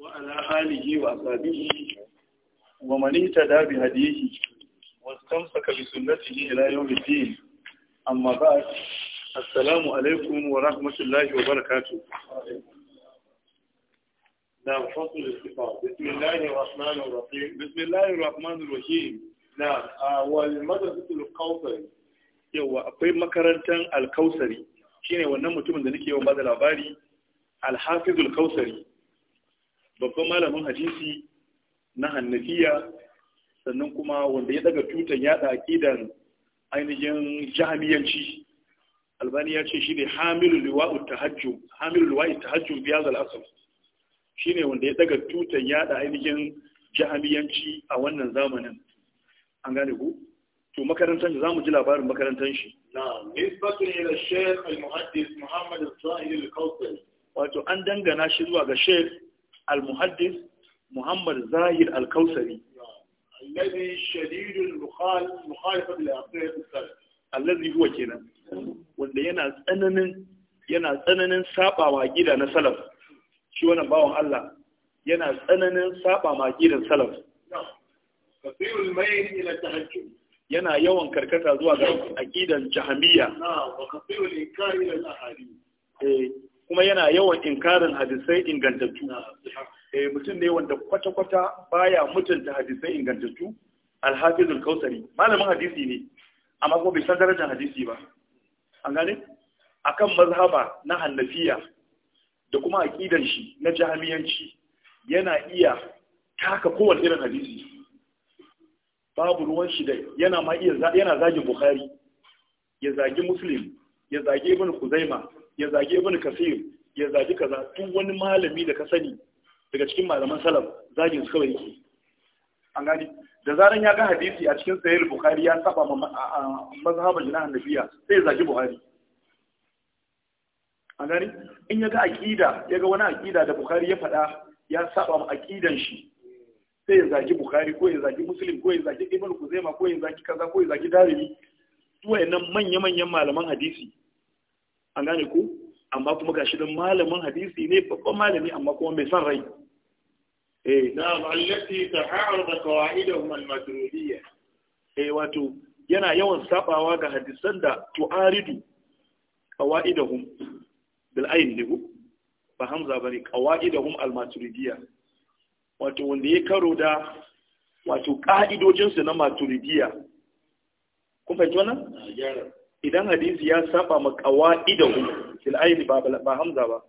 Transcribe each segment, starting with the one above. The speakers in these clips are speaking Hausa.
وعلى آله وأصحابه ومن اهتدى بهديه واستمسك بسنته إلى يوم الدين أما بعد السلام عليكم ورحمة الله وبركاته نعم فصل بسم الله الرحمن الرحيم بسم الله الرحمن الرحيم نعم والمدرسة الكوثر yawa akwai makarantar الكوثري shine wannan mutumin da nake yawan bada labari alhafizul kausari babban malamin hadisi na hannafiya sannan kuma wanda ya daga tutan yada aqidan ainihin jahamiyanci albani ya ce shi ne hamilu liwa'u tahajjum hamilul liwa'i tahajjum bi hadha al-asr shine wanda ya daga tutan yada ainihin jahamiyanci a wannan zamanin an gane ku to makarantar shi mu ji labarin makarantar shi na'am nisbatun ila shaykh al-muhaddis muhammad az-zahir al-kautsari wato an dangana shi zuwa ga shaykh al Muhammad Zahir Alkausari. kausari alladhi shadidul mukhalifa bil aqidati as-salaf alladhi huwa kenan wanda yana tsananin yana gida na salaf shi wannan bawon Allah yana tsananin saba gidan salaf kasirul mayl ila tahajjud yana yawan karkata zuwa ga aqidan jahamiyya kuma yana yawan inkarin hadisai ingantattu eh mutum ne wanda kwata-kwata baya mutunta hadisai ingantattu al-hafiz kausari malamin hadisi ne amma kuma bai san darajar hadisi ba an gane akan mazhaba na hannafiya da kuma aqidan shi na jahamiyanci yana iya taka kowane irin hadisi babu ruwan shi da yana ma iya yana zagin bukhari ya zagi muslim ya zagi ibn kuzaima ya zagi ibn kasir ya zagi kaza duk wani malami da ka sani daga cikin malaman salaf zagin su kawai yake an gani da zaran ya ga hadisi a cikin sahih bukhari ya saba ma mazhabin jinahan annabiya sai zagi bukhari an gani in ya ga aqida ya ga wani aqida da bukhari ya faɗa ya saba ma aqidan shi sai ya zagi bukhari ko ya zagi muslim ko ya zagi ibn kuzaima ko ya zagi kaza ko ya zagi darimi duk wayannan manya-manyan malaman hadisi an gane ku amma kuma shi dan malamin hadisi ne babban malami amma kuma mai san rai eh na allati ta'arada qawaidahum al-madrudiyya eh wato yana yawan sabawa ga hadisan da tu'aridu qawaidahum bil ayn ne ba hamza bari qawaidahum al-maturidiyya wato wanda ya karo da wato ka'idojinsu na maturidiya kun fahimci wannan? idan hadisi ya saba ma qawaidahu fil ayn ba hamza ba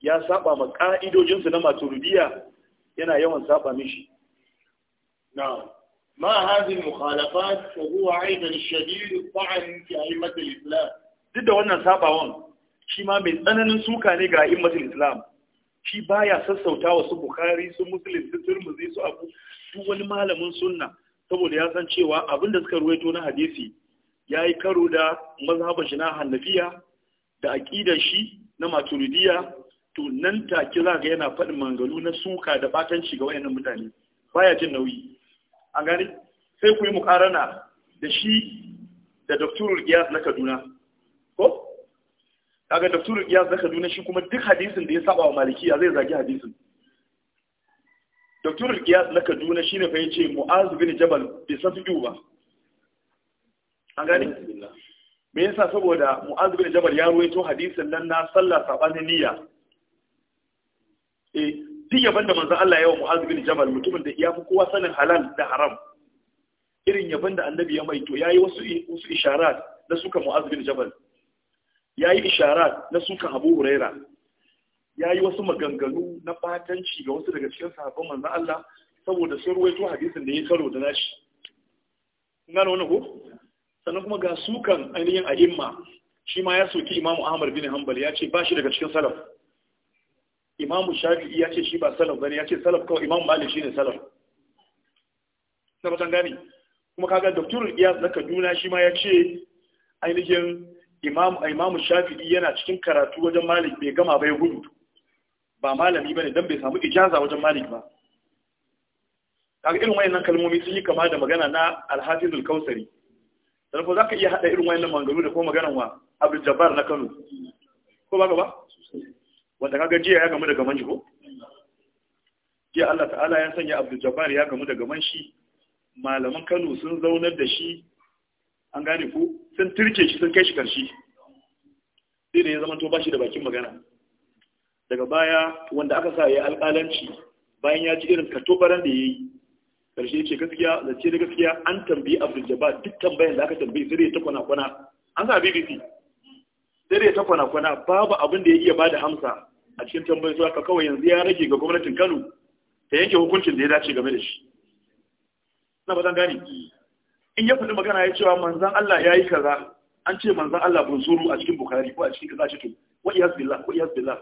ya saba ma ka'idojin su na maturidiya yana yawan saba mishi na'am ma hadhihi mukhalafat wa huwa aidan shadid ta'an fi a'immat al-islam duk da wannan sabawan shi ma mai tsananin suka ne ga a'immat al-islam shi baya sassauta wa su Bukhari su Muslim su Tirmidhi su Abu duk wani malamin sunna saboda ya san cewa abinda suka ruwaito na hadisi ya yi karo da mazhabar shi na hannafiya da aƙidar shi na maturidiya to nan take za ga yana faɗin mangalu na suka da batanci ga wayannan mutane baya jin nauyi an gani sai ku yi mukarana da shi da doktorul giyas na kaduna ko kaga doktorul giyas na kaduna shi kuma duk hadisin da ya saba wa malikiya zai zagi hadisin doktorul giyas na kaduna shine fa yace mu'az bin jabal bai san ba an gani me yasa saboda mu'az bin jabal ya ruwaito hadisin nan na sallah sabanin niyya eh duk yaban da manzon Allah ya wa mu'az bin jabal mutumin da ya fi kowa sanin halal da haram irin yaban da annabi ya mai to yayi wasu wasu isharat na suka mu'az bin jabal yayi isharat na suka abu huraira yayi wasu maganganu na batanci ga wasu daga cikin sahabban manzon Allah saboda sun ruwaito hadisin da ya karo da nashi ngano ne ko sannan kuma ga sukan ainihin imma shi ma ya soki imamu ahmar bin hanbal ya ce ba shi daga cikin salaf imamu shafi'i ya ce shi ba salaf bane ya ce salaf kawai imamu malik shine salaf na batan gani kuma kaga doktor iyas na kaduna shi ma ya ce ainihin imamu imamu shafi'i yana cikin karatu wajen malik bai gama bai gudu ba malami bane dan bai samu ijaza wajen malik ba kaga irin wayannan kalmomi sun yi kama da magana na al kausari Da ko za ka iya haɗa irin wayannan mangaru da ko maganan wa abu jabbar na kano ko ba ba wanda kaga jiya ya gamu da gaman shi ko jiya Allah ta'ala ya sanya abu jabbar ya gamu da gaman shi malaman kano sun zaunar da shi an gane ko sun turke shi sun kai shi karshe sai da ya zama to ba shi da bakin magana daga baya wanda aka sa ya alƙalanci bayan ya ji irin katobaran da ya yi karshe ce gaskiya zance da gaskiya an tambayi abdul jabbar duk tambayan da aka tambayi sai ya ta kwana kwana an sa bbc sai ya ta kwana kwana babu abin da ya iya bada amsa a cikin tambayin su aka kawai yanzu ya rage ga gwamnatin kano ta yanke hukuncin da ya dace game da shi na ba zan gane in ya faɗi magana ya cewa manzan Allah ya yi kaza an ce manzan Allah suru a cikin bukari ko a cikin kaza ce to wa iyaz billah wa iyaz billah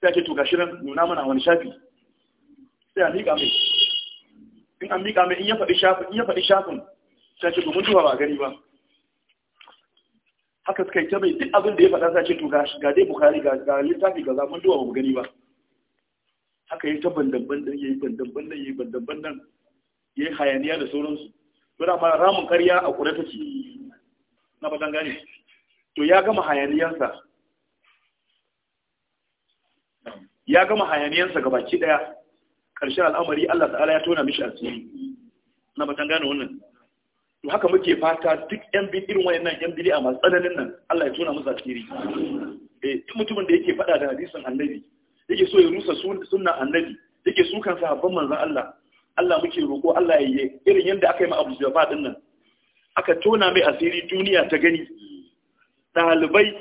sai ake to gashi nan nuna mana wani shafi sai a miƙa mai in an miƙa mai in ya faɗi shafin in ya faɗi shafin sai ce domin duba ba gani ba haka suka yi ta mai duk abin da ya faɗa sai ce to ga dai bukari ga littafi ga zaman duba ba gani ba haka yi ta bandan ya yi bandan nan, ya yi bandan nan, ya yi hayaniya da sauransu to da ma ramin karya a kure take na ba gane to ya gama hayaniyarsa ya gama hayaniyarsa gabaki daya Karshen al'amari Allah ta'ala ya tona mishi asiri na batan gane wannan to haka muke fata duk yan bin irin wayannan yan bid'a masu tsananin nan Allah ya tona musu asiri eh duk mutumin da yake faɗa da hadisin annabi yake so ya rusa sunnan annabi yake su kan sahabban manzon Allah Allah muke roko Allah ya yi irin yanda aka yi ma Abu Jafa din nan aka tona mai asiri duniya ta gani ɗalibai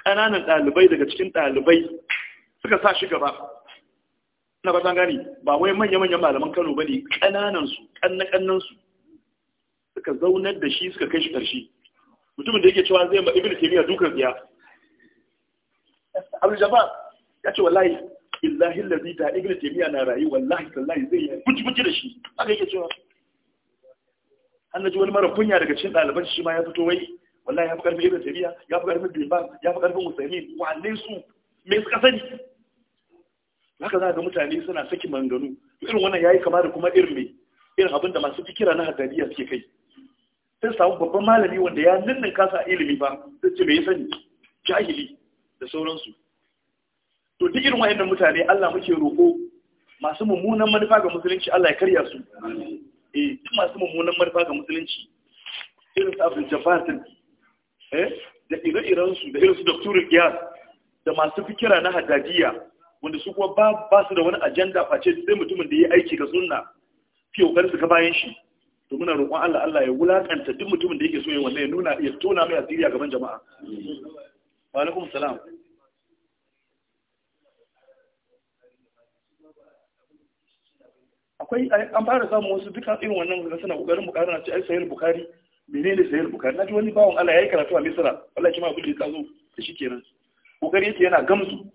ƙananan ɗalibai daga cikin ɗalibai suka sa shi gaba na ba gani ba wai manya-manyan malaman Kano bane kananan su kanna kannan su suka zaunar da shi suka kai shi karshe mutumin da yake cewa zai ma Ibn Taymiyyah dukan tsiya abu Jabbar ya ce wallahi illahi allazi da Ibn Taymiyyah na rayu wallahi tallahi zai yi buci-buci da shi haka yake cewa an ji wani mara kunya daga cikin ɗaliban shi ma ya fito wai wallahi ya fi da Ibn Taymiyyah ya fi karfin Bin ya fi karfin Usaimin wanne su me suka sani haka za ga mutane suna saki manganu irin wannan yayi kama da kuma irin me irin abin da masu fikira na hadariya suke kai sai samu babban malami wanda ya nannin kasa ilimi ba sai ce me sani jahili da sauransu to duk irin wayannan mutane Allah muke roƙo masu mummunan manufa ga musulunci Allah ya karya su eh duk masu mummunan manufa ga musulunci irin su Abdul Jabbar eh da ire su da irin su Dr. Iyas da masu fikira na hadadiya wanda su kuwa ba su da wani ajanda face sai mutumin da ya aiki ga sunna fi kokarin su ka bayan shi to muna roƙon Allah Allah ya wulakanta duk mutumin da yake so ya wannan ya nuna ya tona mai asiri a gaban jama'a wa alaikum salam akwai an fara samun wasu dukkan irin wannan ga suna kokarin bukari na ce ai sahih bukari menene sahih bukari naji wani bawon Allah yayi karatu a Misra wallahi kima abin da ya zo da shi kenan kokari yake yana gamsu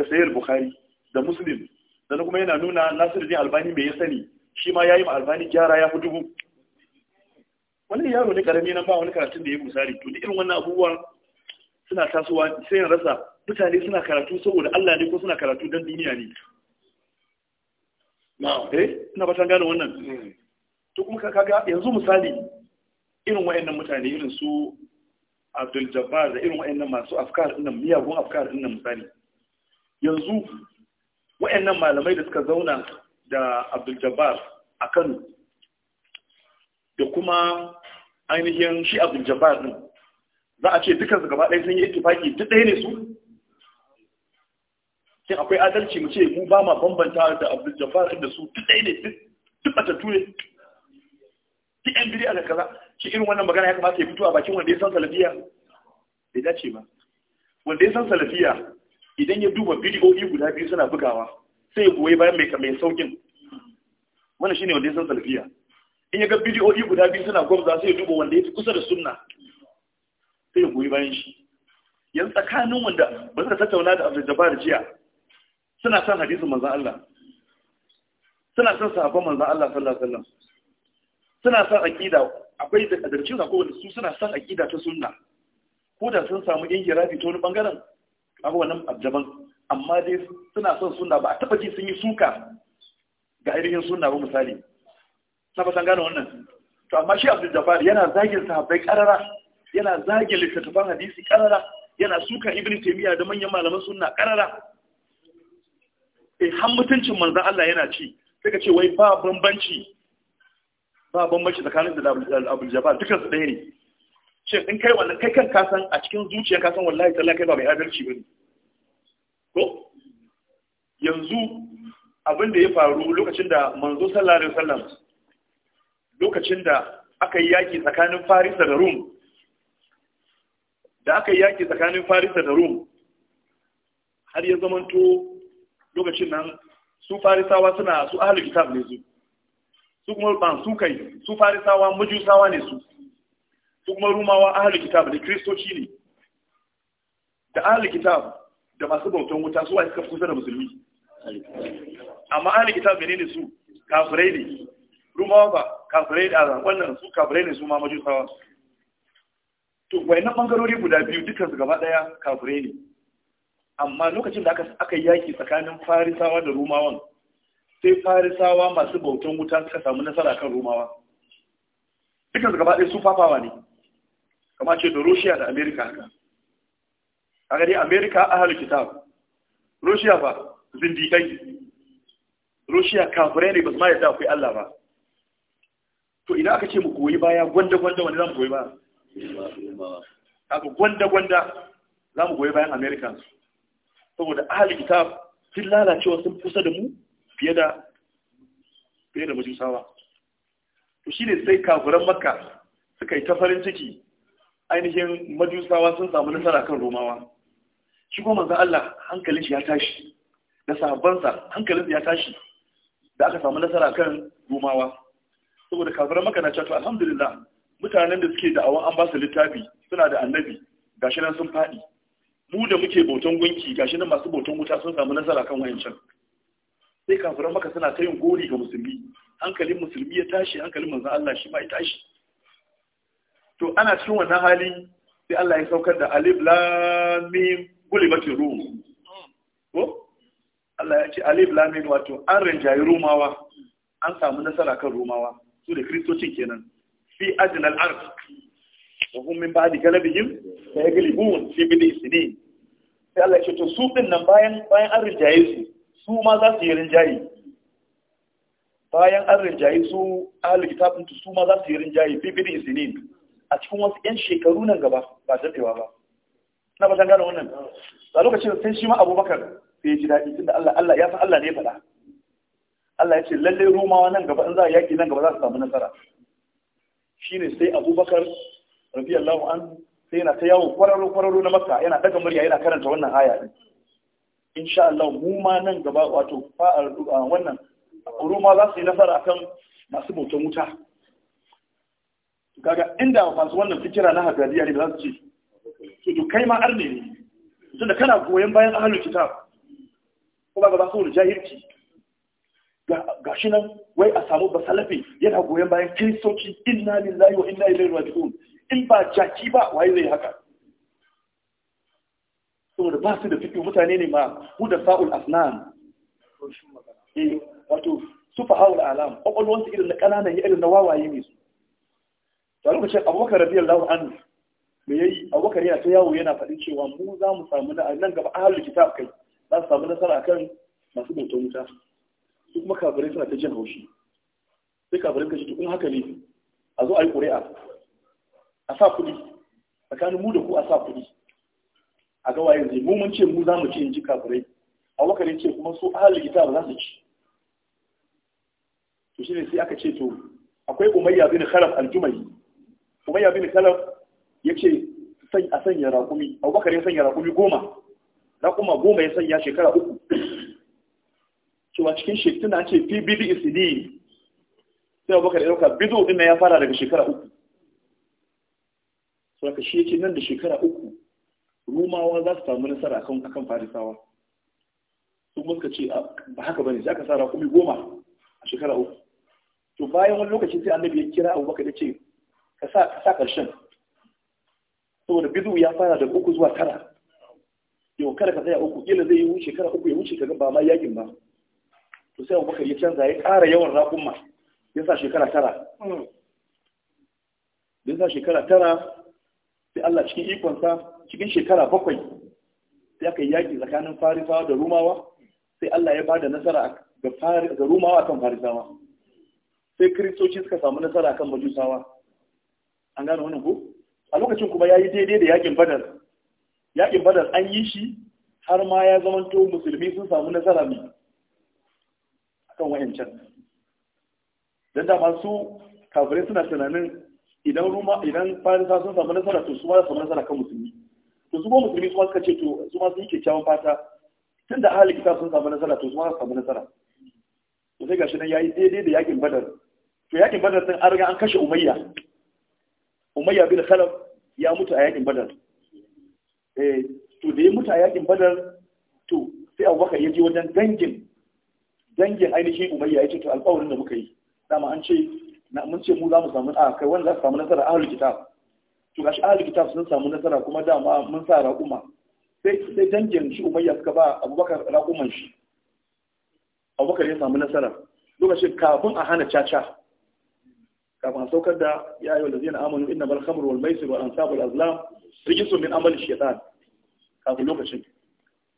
da sayar bukari da muslim sannan kuma yana nuna nasiruddin albani mai ya sani shi ma ya yi ma albani gyara ya fi dubu wani yaro ne karami na ba wani karatun da ya musari to irin wannan abubuwan suna tasowa sai rasa mutane suna karatu saboda Allah ne ko suna karatu don duniya ne eh ina batan gane wannan hmm. to kuma kaga yanzu misali irin wayannan mutane irin su Abdul Jabbar da irin wayannan masu afkar nan miyagun afkar dinnan misali yanzu wayannan malamai da suka zauna da Abdul Jabbar a Kano da kuma ainihin shi Abdul Jabbar din za a ce dukansu gaba ɗaya sun yi ittifaki duk ɗaya ne su sai akwai adalci mu ce mu ba ma bambanta da Abdul Jabbar da su duk ɗaya ne duk batattu ne duk yan biri aka kaza shi irin wannan magana ya kamata ya fito a bakin wanda ya san salafiya bai dace ba wanda ya san salafiya idan ya duba bidiyoyi guda biyu suna bugawa sai ya goyi bayan mai mai saukin shi shine wanda ya san salfiya in ya ga bidiyoyi guda biyu suna gwamza sai ya duba wanda ya fi kusa da sunna sai ya goyi bayan shi yanzu tsakanin wanda ba da tattauna da da jabar jiya suna son hadisin manzan Allah suna son sahabban manzan Allah sallallahu alaihi wasallam suna son aqida akwai da kadarci ko wanda su suna son aqida ta sunna ko da sun samu yin girafi ta wani bangaren kaga wannan abjaban amma dai suna son suna ba a taba ji sun yi suka ga ainihin suna ba misali na ba san gane wannan to amma shi Abdul Jabbar yana zagin sahabbai karara yana zagin littattafan hadisi karara yana suka Ibn Taymiyyah da manyan malaman sunna karara eh har mutuncin manzon Allah yana ci sai ka ce wai ba bambanci ba bambanci tsakanin da Abdul Jabbar dukansu ɗaya ne shin in kai wannan kai kan kasan a cikin zuciya kasan wallahi tallahi kai ba mai adalci bane ko yanzu abin da ya faru lokacin da manzo sallallahu alaihi wasallam lokacin da aka yi yaki tsakanin Farisa da Rum da aka yi yaki tsakanin Farisa da Rum har ya zamanto lokacin nan su Farisawa suna su ahlul kitab ne su su kuma ban su kai su Farisawa majusawa ne su kuma rumawa ahli kitab da kristoci ne da ahli kitab da masu bautan wuta su suka fi kusa da musulmi amma ahli kitab ne su kafirai ne rumawa ba kafirai da wannan su kafirai ne su ma majusawa to wayannan bangarori guda biyu dukkan su gaba daya kafirai ne amma lokacin da aka aka yaki tsakanin farisawa da rumawan sai farisawa masu bautan wuta suka samu nasara kan rumawa dukkan su gaba daya su fafawa ne kama ce da Russia da America haka kaga dai America ahlul kitab Russia fa kai. Russia kafirai ne ba su ma yadda akwai Allah ba to idan aka ce mu goyi baya gwanda-gwanda wani za mu goyi ba? haka gwanda-gwanda za mu goyi bayan americans saboda ahalin kitab sun lalacewa sun kusa da mu fiye da fiye da majusawa to shine sai kafuran makka suka yi ta farin ciki ainihin majusawa sun samu nasara kan romawa shi kuma manzan Allah hankalin shi ya tashi da sahabbansa hankalin ya tashi da aka samu nasara kan romawa saboda kafiran maka na cewa alhamdulillah mutanen da suke da'awan an ba su littafi suna da annabi gashi nan sun faɗi mu da muke bautan gunki gashi nan masu bautan wuta sun samu nasara kan wayancan sai kafiran maka suna ta yin gori ga musulmi hankalin musulmi ya tashi hankalin manzan Allah shi ma ya tashi to ana cikin wannan hali sai Allah ya saukar da alif lam mim gulibatir rum ko Allah ya ce alif lam mim wato an rinjayi rumawa an samu nasara kan rumawa su da kristocin kenan fi adnal ard wa hum min ba'di galabihim sayaglibun fi bid'i sinin sai Allah ya ce to su din nan bayan bayan an rinjaye su su ma za su yi rinjaye bayan an rinjaye su ahlul kitabun su ma za su yi rinjaye fi bid'i sinin a cikin wasu 'yan shekaru nan gaba ba daɗewa ba na ba gano wannan a lokacin sai shi ma abubakar sai ji daɗi tunda Allah Allah ya fi Allah ne faɗa Allah ya ce lallai Romawa nan gaba in za a yaƙi nan gaba za su samu nasara Shi ne sai abubakar Allah an sai yana ta yawo kwararo kwararo na makka yana daga murya yana karanta wannan aya din insha Allah mu ma nan gaba wato fa'ar wannan Roma za su yi nasara akan masu bautan wuta kaga inda masu wannan fikira na hagariya ne ba za su ce to kai ma arne ne da kana goyon bayan ahlul kitab kuma ga ba su jahilci ga shi nan wai a samu basalafi yana goyon bayan kiristoci inna lillahi wa inna ilaihi raji'un in ba jaki ba waye zai haka saboda ba su da fiki mutane ne ma da sa'ul asnan eh, wato su fahawul alam kwakwalwansu irin na ƙananan irin na wawaye ne su to lokacin abubakar radiyallahu anhu me yayi abubakar yana ta yawo yana faɗin cewa mu za mu samu na nan gaba ahlul kitab kai za su samu nasara a kan masu bautar wuta su kuma kafirai suna ta jin haushi sai kafirai kashi to in haka ne a zo a yi ƙuri'a a sa kuɗi tsakanin mu da ku a sa kuɗi a ga waye zai mu mun ce mu za mu ci in ji kafirai abubakar ya ce kuma su ahlul kitab za su ci to ne sai aka ce to akwai umayya bin kharaf al-jumai umayya bin kalab ya ce a sanya raƙumi abubakar ya sanya raƙumi goma raƙuma goma ya sanya shekara uku cewa cikin shekuna ce fi bidi isini sai abubakar ya ɗauka bido ɗin ya fara daga shekara uku saboda shi yake nan da shekara uku rumawa za su samu nasara akan akan farisawa su kuma suka ce ba haka bane sai aka sa raƙumi goma a shekara uku to bayan wani lokaci sai annabi ya kira abubakar ya ce ka sa ƙarshen. saboda bidu ya fara da uku zuwa tara yau kada ka tsaya uku kila zai yi wuce kada uku ya wuce kaga ba ma yakin ba to sai abubakar ya canza ya ƙara yawan raƙumma ya sa shekara tara ya sa shekara tara sai Allah cikin ikonsa cikin shekara bakwai sai aka yi yaƙi tsakanin farisawa da rumawa sai Allah ya bada nasara ga rumawa kan farisawa sai kiristoci suka samu nasara kan majusawa an gane wani ko a lokacin kuma ya yi daidai da yakin badar yakin badar an yi shi har ma ya zama to musulmi sun samu nasara ne kan wayancan don dama su kafirai suna tunanin idan ruma idan farisa sun samu nasara to su ma samu nasara kan musulmi to su ma musulmi su ma suka ce to su ma sun yi kyakkyawan fata tun da ahli kitab sun samu nasara to su ma samu nasara to sai gashi nan yi daidai da yakin badar to yakin badar sun an riga an kashe umayya umayya bin khalaf ya mutu a yakin badar eh to da ya mutu a yakin badar to sai abubakar ya je wajen dangin dangin ainihin umayya ya ce to alƙawarin da muka yi dama an ce na mun ce mu za mu samu a kai wanda za su samu nasara ahlul kitab to gashi ahlul kitab sun samu nasara kuma dama mun sa raƙuma sai sai dangin shi umayya suka ba abubakar raƙuman shi abubakar ya samu nasara lokacin kafin a hana caca kafin saukar da ya yi walazina amanu inna bal khamru wal maisir wal ansabu wal azlam rijisun min amali shaitan kafin lokacin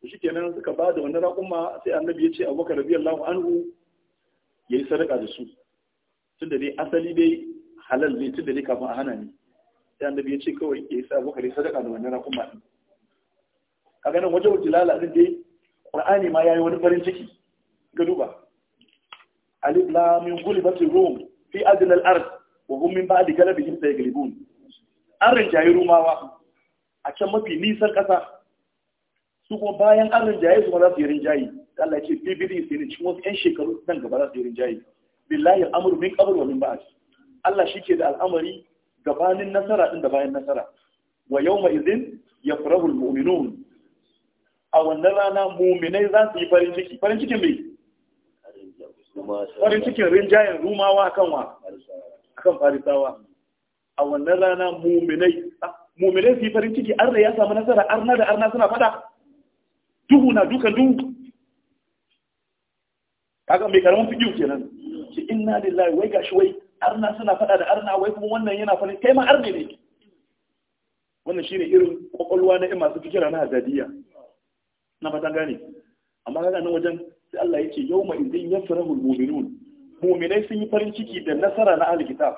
shi nan suka ba da wannan raƙumma sai annabi ya ce abokan abubakar radiyallahu anhu ya yi sadaka da su tunda dai asali dai halal ne tunda dai kafin a hana ne sai annabi ya ce kawai ya yi abubakar ya sadaka da wannan raƙumma din kaga ganin wajen jilala din dai qur'ani ma ya yi wani farin ciki ga duba alif lam mim gulibatir rum fi adinal ard wa hum min ba'di galabihim sayaglibun an rinjaye rumawa a can mafi nisan kasa su kuma bayan an rinjaye su ma za su yi rinjaye Allah ya ce fi bidi sai cikin wasu ƴan shekaru nan gaba za su yi rinjaye billahi al'amru min qabl wa min ba'd Allah shike da al'amari gabanin nasara din da bayan nasara wa yawma idhin yafrahu al-mu'minun a wannan rana muminai za su yi farin ciki farin cikin mai farin cikin rinjayen rumawa kan wa akan farisawa a wannan rana muminai ah, muminai su yi farin ciki arna ya samu nasara arna da arna suna fada duhu na duka duhu kaga mai karamin fikiyu kenan ce inna lillahi wai gashi wai arna suna fada da arna wai kuma wannan yana farin kai ma arna ne wannan shine irin kwakwalwa na masu fikira na hazadiya na fatan gane amma kaga nan wajen sai Allah ya ce yawma idin yafrahul mu'minun mu'minai sun yi farin ciki da nasara na ahli kitab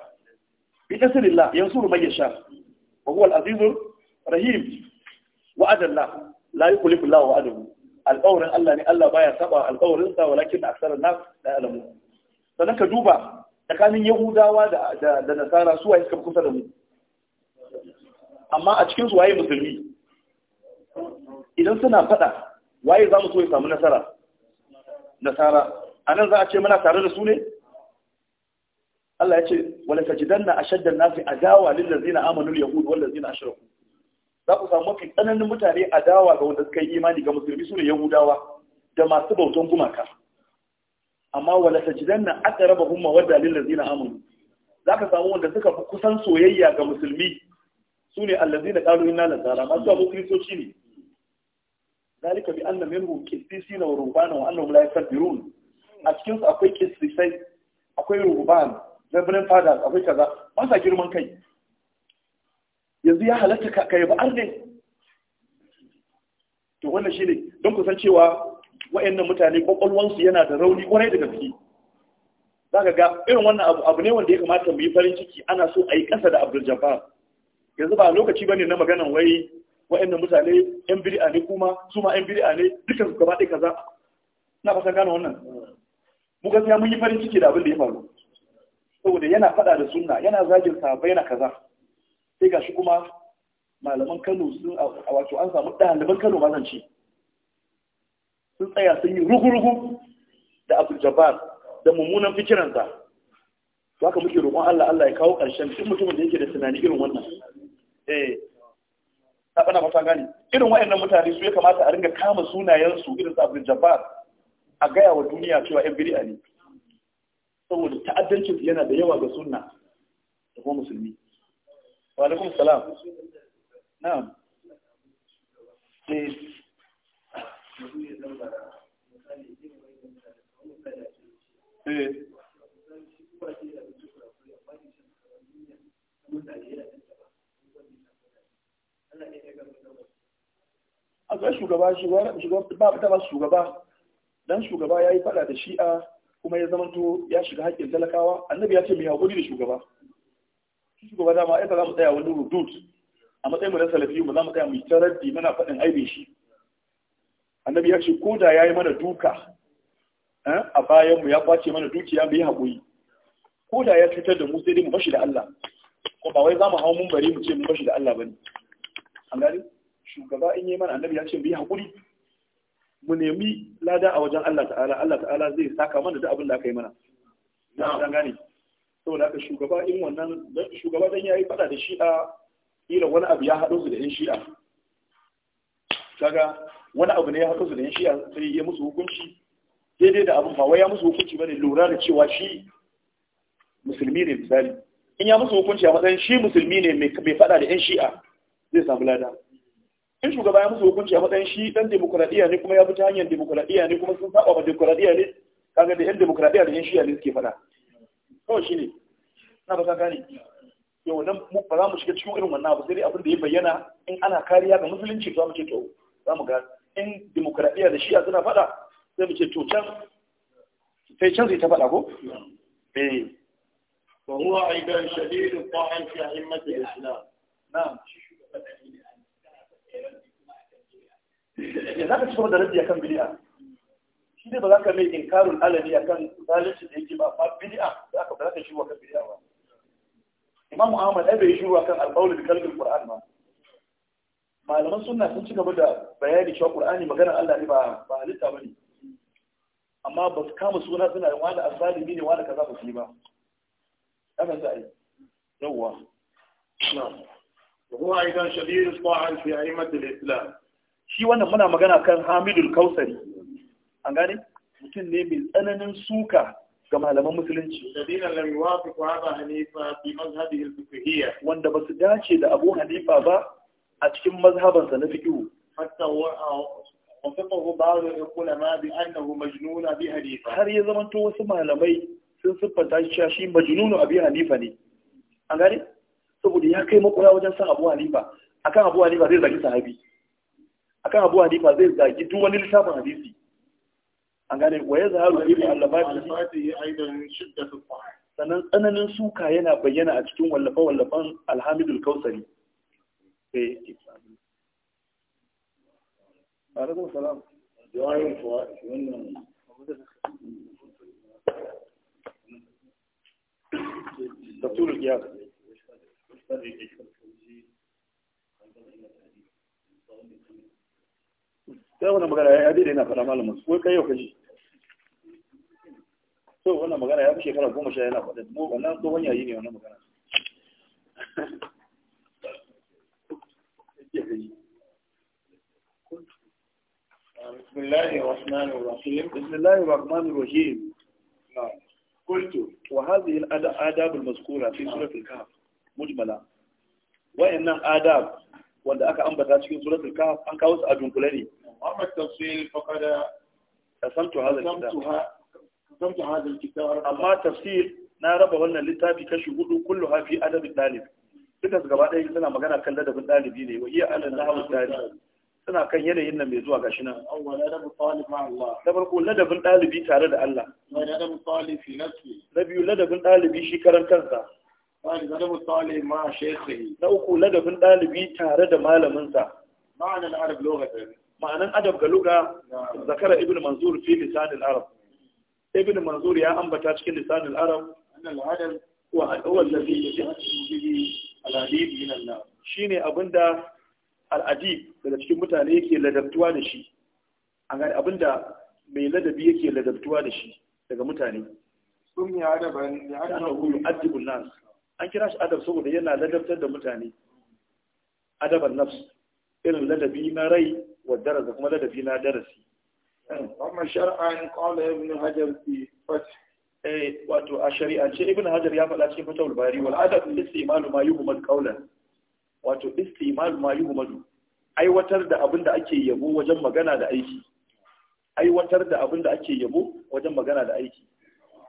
bi nasrillah yansuru ya sha. wa huwa al-azizur rahim wa'adallah la yukhlifu Allah wa'adahu alƙawarin Allah ne Allah baya saba alƙawarin sa walakin aksaran nas la ya'lamu sannan ka duba tsakanin Yahudawa da da, Nasara su waye suka kusa da mu amma a cikin su waye musulmi idan suna fada waye za mu so ya samu nasara nasara anan za a ce muna tare da su ne Allah ya ce wala tajidanna ashadda an-nasi adawa lil ladina amanu al-yahud wal ladina ashraku za ku samu mafi tsananin mutane adawa ga wanda suka yi imani ga musulmi su ne yahudawa da masu bautan gumaka amma wala tajidanna hum mawadda lil ladina amanu za ka samu wanda suka fi kusan soyayya ga musulmi su ne allazina qalu inna nasara masu abu kristoci ne ذلك بأن منهم كسيسين ورهبانا وأنهم لا يكبرون أتكلم akwai كسيسين akwai رهبان reverend fathers akwai kaza ba sa girman kai yanzu ya halatta ka ba arne to wannan shi ne don san cewa wayannan mutane su yana da rauni kwarai da gaske za ka ga irin wannan abu abu ne wanda ya kamata mu yi farin ciki ana so a yi ƙasa da abdul jabbar yanzu ba lokaci ba ne na maganan wai wayannan mutane yan bid'a ne kuma su ma yan bid'a ne dukkan su gaba ɗaya kaza na fasa gane wannan mu gaskiya mun yi farin ciki da abin da ya faru saboda yana faɗa da sunna yana zagin sahabbai na kaza sai gashi kuma malaman Kano sun a wato an samu ɗaliban Kano ma zance sun tsaya sun yi ruhu da Abdul Jabbar da mummunan sa to haka muke roƙon Allah Allah ya kawo ƙarshen duk mutumin da yake da tunani irin wannan eh ta bana mata gani irin wayannan mutane su ya kamata a ringa kama sunayensu irin su Abdul Jabbar a gaya wa duniya cewa 'yan bid'a ne saboda ta'addancin yana da yawa ga sunna da kuma musulmi wa alaikum salam na'am eh eh a shugaba shugaba ba ta ba shugaba dan shugaba yayi fada da shi'a kuma ya zamanto ya shiga haƙƙin talakawa annabi ya ce mai haƙuri da shugaba shugaba dama ai ba za mu tsaya wani rudud a matsayin mu na salafi mu za mu tsaya mu ta raddi muna faɗin aibe shi annabi ya ce ko da ya yi mana duka eh, a bayan mu ya kwace mana dukiya mu yi haƙuri ko da ya cutar da mu sai dai mu bashi da Allah ko ba wai za mu hau mun bari mu ce mu bashi da Allah bane an gani shugaba in yi mana annabi ya ce mu yi haƙuri mu nemi lada a wajen Allah ta'ala Allah ta'ala zai saka mana duk abin da aka yi mana na dan gane saboda haka shugaba in wannan shugaba dan yayi fada da shi'a ila wani abu ya haɗo su da yan shi'a kaga wani abu ne ya haɗo su da yan shi'a sai ya musu hukunci daidai da abin ba wai ya musu hukunci bane lura da cewa shi musulmi ne misali in ya musu hukunci a matsayin shi musulmi ne mai fada da yan shi'a zai samu lada in shugaba ya musu hukunci a matsayin shi dan demokuraɗiyya ne kuma ya fita ta hanyar demokuraɗiyya ne kuma sun saba ba demokuraɗiyya ne kaga da yan demokuraɗiyya da yan shiya ne suke faɗa kawai shi ne na ba gane yau nan ba za mu shiga cikin irin wannan abu sai dai abin da ya bayyana in ana kariya ga musulunci za mu ce to za mu ga in demokuraɗiyya da shiya suna faɗa sai mu ce to can sai can zai ta faɗa ko eh wa huwa aidan shadidun ta'an fi a'immatil islam ya za ka ci da rabi kan bili'a. shi ne ba za ka mai inkarun alani kan zalunci da yake ba amma bid'a za ka ba za ka shiru akan bid'a ba imam muhammad ai bai shiru akan alqaul bi kalbi qur'an ba malaman sunna sun ci gaba da bayani cewa qur'ani maganar Allah ne ba ba halitta bane amma ba su kama suna suna yin wani azalimi ne wani kaza ba su yi ba haka sa'i a yi yawwa na وهو أيضا شديد الطاعة في أئمة الإسلام shi wannan muna magana kan hamidul kausari an gane mutum ne mai tsananin suka ga malaman musulunci wanda ba su dace da abu hanifa ba a cikin mazhabansa na fiƙihu har ya to wasu malamai sun siffanta shi shi majnunu abi hanifa ne an gane saboda ya kai makwaya wajen san abu hanifa akan abu hanifa zai zaki sahabi akan abu hanifa zai zagi duk wani littafin hadisi an gane wa ya zaharu ibn al-labati aidan shiddatu sannan tsananin suka yana bayyana a cikin wallafa wallafan alhamidul kausari Thank eh, you. sai wannan magana ya dade yana faɗa malamin su kai yau kashi so wannan magana ya fi shekara goma sha yana faɗa mu wannan tsohon yayi ne wannan magana بسم الله الرحمن الرحيم قلت وهذه الاداب المذكوره في سوره الكهف مجمله وان الاداب wanda aka ambata cikin suratul kahf an kawo su a dunkule ne amma tafsir faqad qasamtu hadha al-kitab kitab amma tafsir na raba wannan littafi kashi hudu kullu ha fi adabin dalib duka su gaba ɗaya suna magana kan ladabin dalibi ne wa iya alal nahwu dalib suna kan yanayin nan mai zuwa gashi nan na farko ladabin dalibi tare da Allah na biyu ladabin dalibi shi karan kansa Na uku ladabin ɗalibi tare da malaminsa. Ma'anin Arab lokacin. Ma'anan adab ga luga zakara Ibn Mansur fi lisanin Arab. Ibn Mansur ya ambata cikin lisanin Arab. Annal adab wa al'awar da zai Shi ne abinda al'adib daga cikin mutane yake ladabtuwa da shi. An gani abinda mai ladabi yake ladabtuwa da shi daga mutane. Sun yi adaban ya adabu nas. an kira shi adab saboda yana ladabtar da mutane adaban nafs irin ladabi na rai wa darasa kuma ladabi na darasi amma shar'an qala ibn hajar fi fath eh wato a shari'ance ibn hajar ya faɗa cikin fatawul bari wal adab istimalu ma yuhmad qawlan wato istimalu ma yuhmad aiwatar da abin da ake yabo wajen magana da aiki aiwatar da abin da ake yabo wajen magana da aiki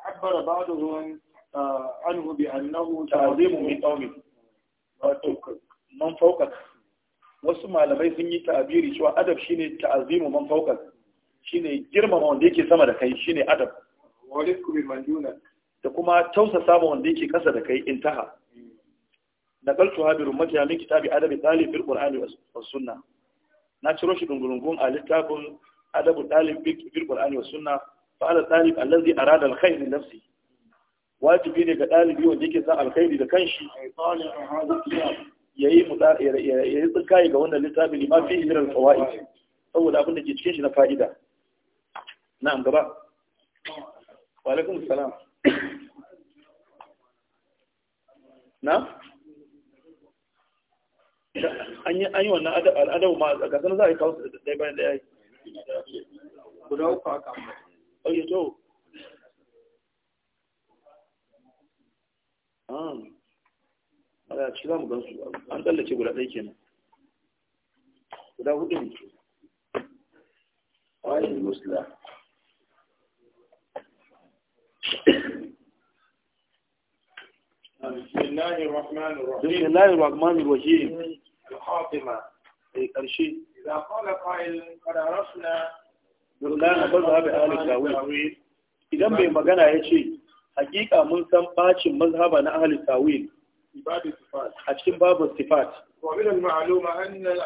abbara ba'dhum عنه بأنه تعظيم من من فوقك wasu malamai sun yi ta'abiri cewa adab shine ta'azimu man fawqa shine girmama wanda yake sama da kai shine adab da kuma tausasa ma wanda yake kasa da kai intaha نقلتها برمتها من كتاب أدب الطالب في القرآن والسنة ناتشروش دنقلنقون على كتاب أدب الطالب في القرآن والسنة فعلى الطالب الذي أراد الخير لنفسه wajibi ne ga ɗalibi wanda yake san alkhairi da kanshi yayi muda yayi tsinkaye ga wannan littafin ma fi min al saboda abin da ke cikin shi na fa'ida na'am gaba wa alaikum salam. na an yi an yi wannan al'adab ma ga sanar za a yi kawo da ɗaya bayan ɗaya ku uku haka ok ayyato a ci za mu gansu an tsallace guda ɗaya kenan guda hudu ne ƙwayar musla بسم الله الرحمن الرحيم الخاتمة أي إذا قال قائل قد عرفنا بلغان بذهب بآل الزاوية إذا بمغانا يشي hakika mun san bacin mazhaba na ahli tawil a cikin babu sifat wa min al-ma'luma anna al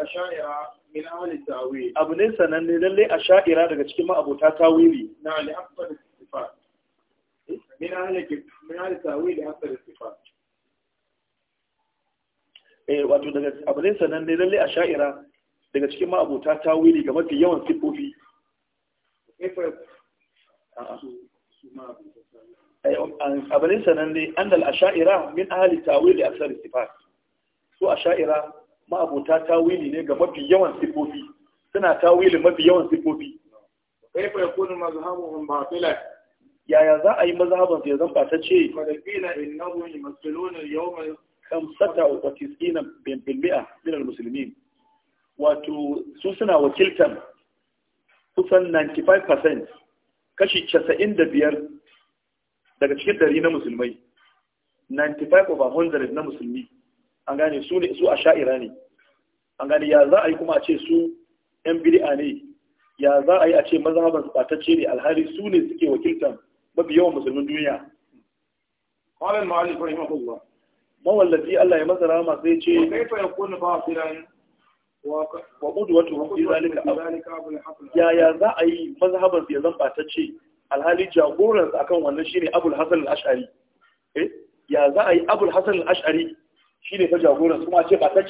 daga cikin ma'abota tawili na li sifat eh wato daga abu ne sananne lalle ash'ira daga cikin tawili ga mafi yawan sifofi abin sanan ne an asha'ira min ahali tawili a sari sifat su asha'ira ma'abota tawili ne ga mafi yawan sifofi suna tawili mafi yawan sifofi kai fa yakunu mazhabuhum batilan yaya za a yi mazhaban ya ba ta ce madaqina innahu yumathiluna yawma khamsata wa tis'ina bil mi'a min al muslimin wato su suna wakiltan kusan 95% kashi 95 daga cikin ɗari na musulmai 95 of 100 na musulmi an gane su ne su a sha'ira ne an gane ya za a yi kuma a ce su yan bid'a ne ya za a yi a ce mazhaban su batacce ne alhali su ne suke wakiltar mafi yawan musulmin duniya qala al-mu'allif rahimahullah mawallafi Allah ya masa rahama sai ce kaifa yakunu fasiran wa qudwatuhum fi zalika yaya za a yi mazhaban ya zan batacce alhali jagoransa akan wannan shine abul hasan al-ash'ari eh ya za a yi abul hasan al-ash'ari shine fa jagoransa kuma ce ba wa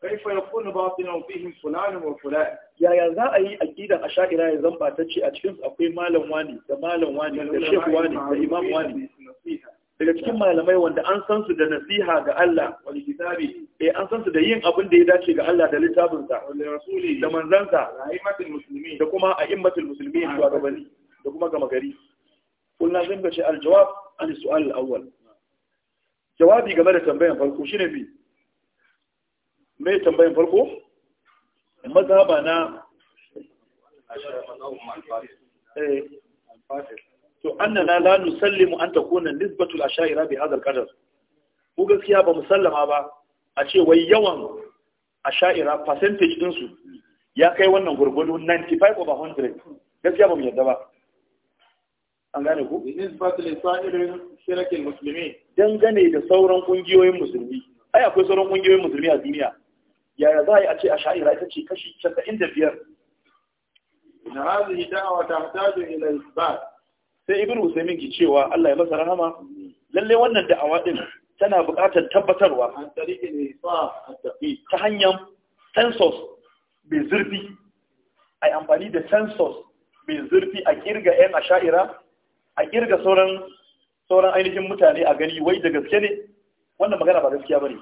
kaifa yakunu يكون باطنا fulan wa fulan ya ya za a yi aqida asha'ira ya zamba ta ce a cikin akwai malam wani da malam wani da shehu wani da imam wani daga cikin malamai wanda an san su da nasiha ga Allah wal kitabi eh an san su da yin abin da ya dace ga Allah da littafin sa wal rasuli da sa rahimatul muslimin da kuma a'immatul muslimin wa gabani da kuma gama gari kullun zan ga shi al jawab an su'al al awwal jawabi game da tambayan farko shine bi me tambayan farko mazhaba na eh al to annana la nusallimu an takuna nisbatul ashaira bi hadha al-qadar mu gaskiya ba mu sallama ba a ce wai yawan ashaira percentage din su ya kai wannan gurgudu 95 over 100 gaskiya ba mu yadda ba an gane ku nisbatul ashaira shirakin musulmi dangane da sauran kungiyoyin musulmi ai akwai sauran kungiyoyin musulmi a duniya yaya za a yi a ce ashaira ita ce kashi 95 na hazihi da'awa tahtaju ila isbat sai ibn usaimin ki cewa Allah ya masa rahama lalle wannan da'awa din tana buƙatar tabbatarwa ta hanyar census mai zurfi a yi amfani da census mai zurfi a kirga 'yan asha'ira a kirga sauran sauran ainihin mutane a gani wai da gaske ne wannan magana ba gaskiya ba ne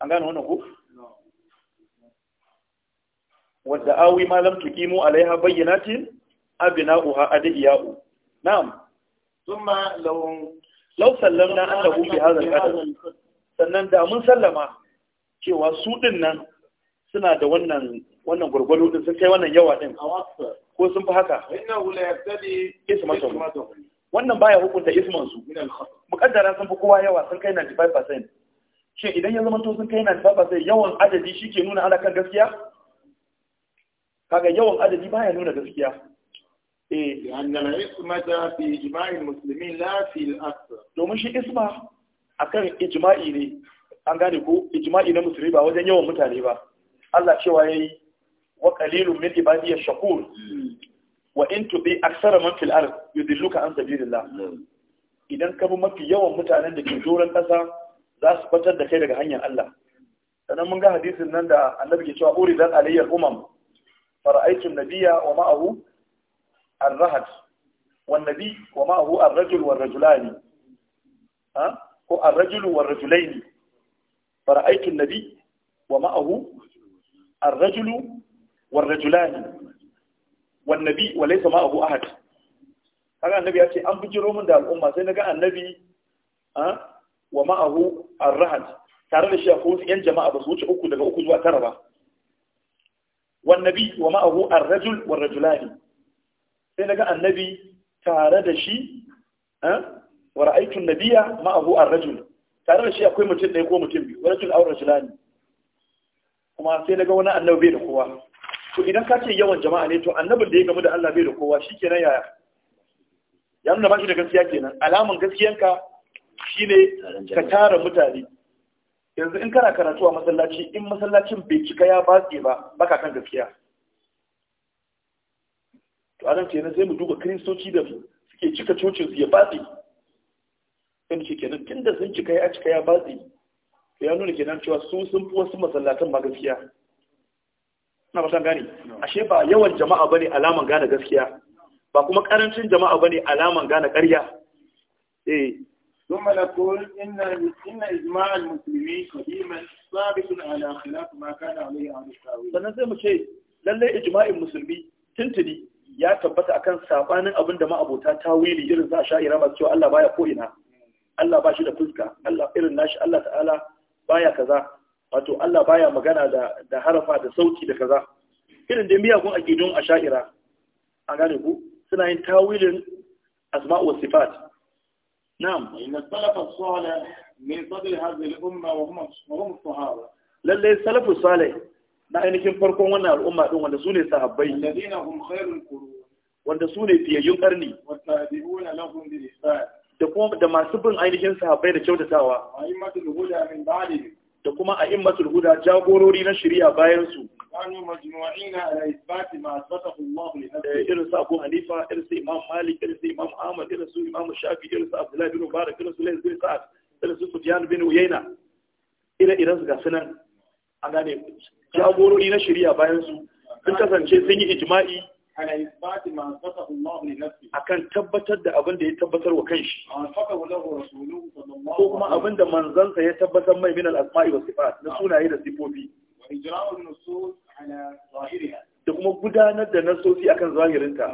an gane wannan ko? wadda awi malam tukimu alaiha bayyanatin abina'uha adiya'u na'am ثم لو لو سلمنا annahu bi hadha al sannan da mun sallama cewa su din nan suna da wannan wannan gurgurdu din sun kai wannan yawa din ko sun fi haka wannan baya hukunta isman su mukaddara sun fi kowa yawa sun kai 95% shin idan ya zama to sun kai 95% yawan adadi shi ke nuna ana kan gaskiya kaga yawan adadi baya nuna gaskiya eh annal ismata fi la fi domin shi isma akan ijma'i ne an gane ko ijma'i na musulmi ba wajen yawan mutane ba Allah cewa yayi wa qalilun min ibadiyya shakur wa in tubi aksara man fil ard yudilluka an sabilillah idan ka bi mafi yawan mutanen da ke doron kasa za su batar da kai daga hanyar Allah sannan mun ga hadisin nan da annabi ke cewa uri zan alayyar umam fara'aitun nabiya wa ma'ahu الرهد والنبي وما هو الرجل والرجلان ها هو الرجل والرجلين فرأيت النبي ومعه الرجل والرجلان والنبي وليس معه أحد kaga annabi ya ce an bijiro min da al'umma sai naga annabi a wa ma'ahu ar tare da shi akwai wasu yan jama'a ba su wuce uku daga uku zuwa ba wa ma'ahu sai na ga annabi tare da shi eh, wa ra'aytun nabiyya ma'ahu ar-rajul tare da shi akwai mutum ɗaya ko mutum biyu rajul aw rajulani kuma sai na ga wani annabi bai da kowa to idan ka ce yawan jama'a ne to annabin da ya gamu da Allah bai da kowa shikenan yaya ya nuna bashi da gaskiya kenan alaman gaskiyanka shine ka tara mutane yanzu in kana karatu a masallaci in masallacin bai cika ya batse ba baka kan gaskiya to anan kenan zai mu duba kristoci da suke cika cocin su ya batsi sai ke kenan tun da sun cika ya cika ya batsi to ya nuna kenan cewa su sun fi wasu masallatan ma gaskiya na fatan gane ashe ba yawan jama'a bane alaman gane gaskiya ba kuma karancin jama'a bane alaman gane ƙarya eh ثم نقول إن إن إجماع المسلمين قديما ثابت على خلاف ما كان عليه أهل التأويل. فنزل شيء لا إجماع المسلمين تنتدي ya tabbata akan sabanin abin da ma'abota tawili irin za a sha'ira masu cewa Allah baya ko ina Allah ba shi da fuska Allah irin nashi Allah ta'ala baya kaza wato Allah baya magana da da harafa da sauti da kaza irin da kun miyagun aqidun asha'ira an gane ku suna yin tawilin asma'u wa sifat na'am inna salafa salih min qabl hadhihi al-umma wa hum wa hum sahaba lalle salafu salih na ainihin farkon wannan al'umma din wanda sune sahabbai alladhina hum khairul qurun wanda sune fiyayyun karni wattabi'una lahum bi ihsan da kuma da masu bin ainihin sahabbai da kyautatawa a'immatul huda min ba'dihim da kuma a'immatul huda jagorori na shari'a bayan su kanu majmu'ina ala isbati ma asbatahu Allah li nafsihi eh, irin su Abu Hanifa irin su Imam Malik irin su Imam Ahmad irin su Imam Shafi irin su Abdullahi, bin Mubarak irin su Layth bin Sa'd irin su Sufyan bin Uyayna ire iren su ga sunan an gane jagorori na shari'a bayan su sun kasance sun yi ijma'i akan tabbatar da abin da ya tabbatar wa kanshi ko kuma abin da manzansa ya tabbatar mai min al-asma'i wa sifat na sunaye da sifofi da kuma gudanar da nasosi akan zahirinta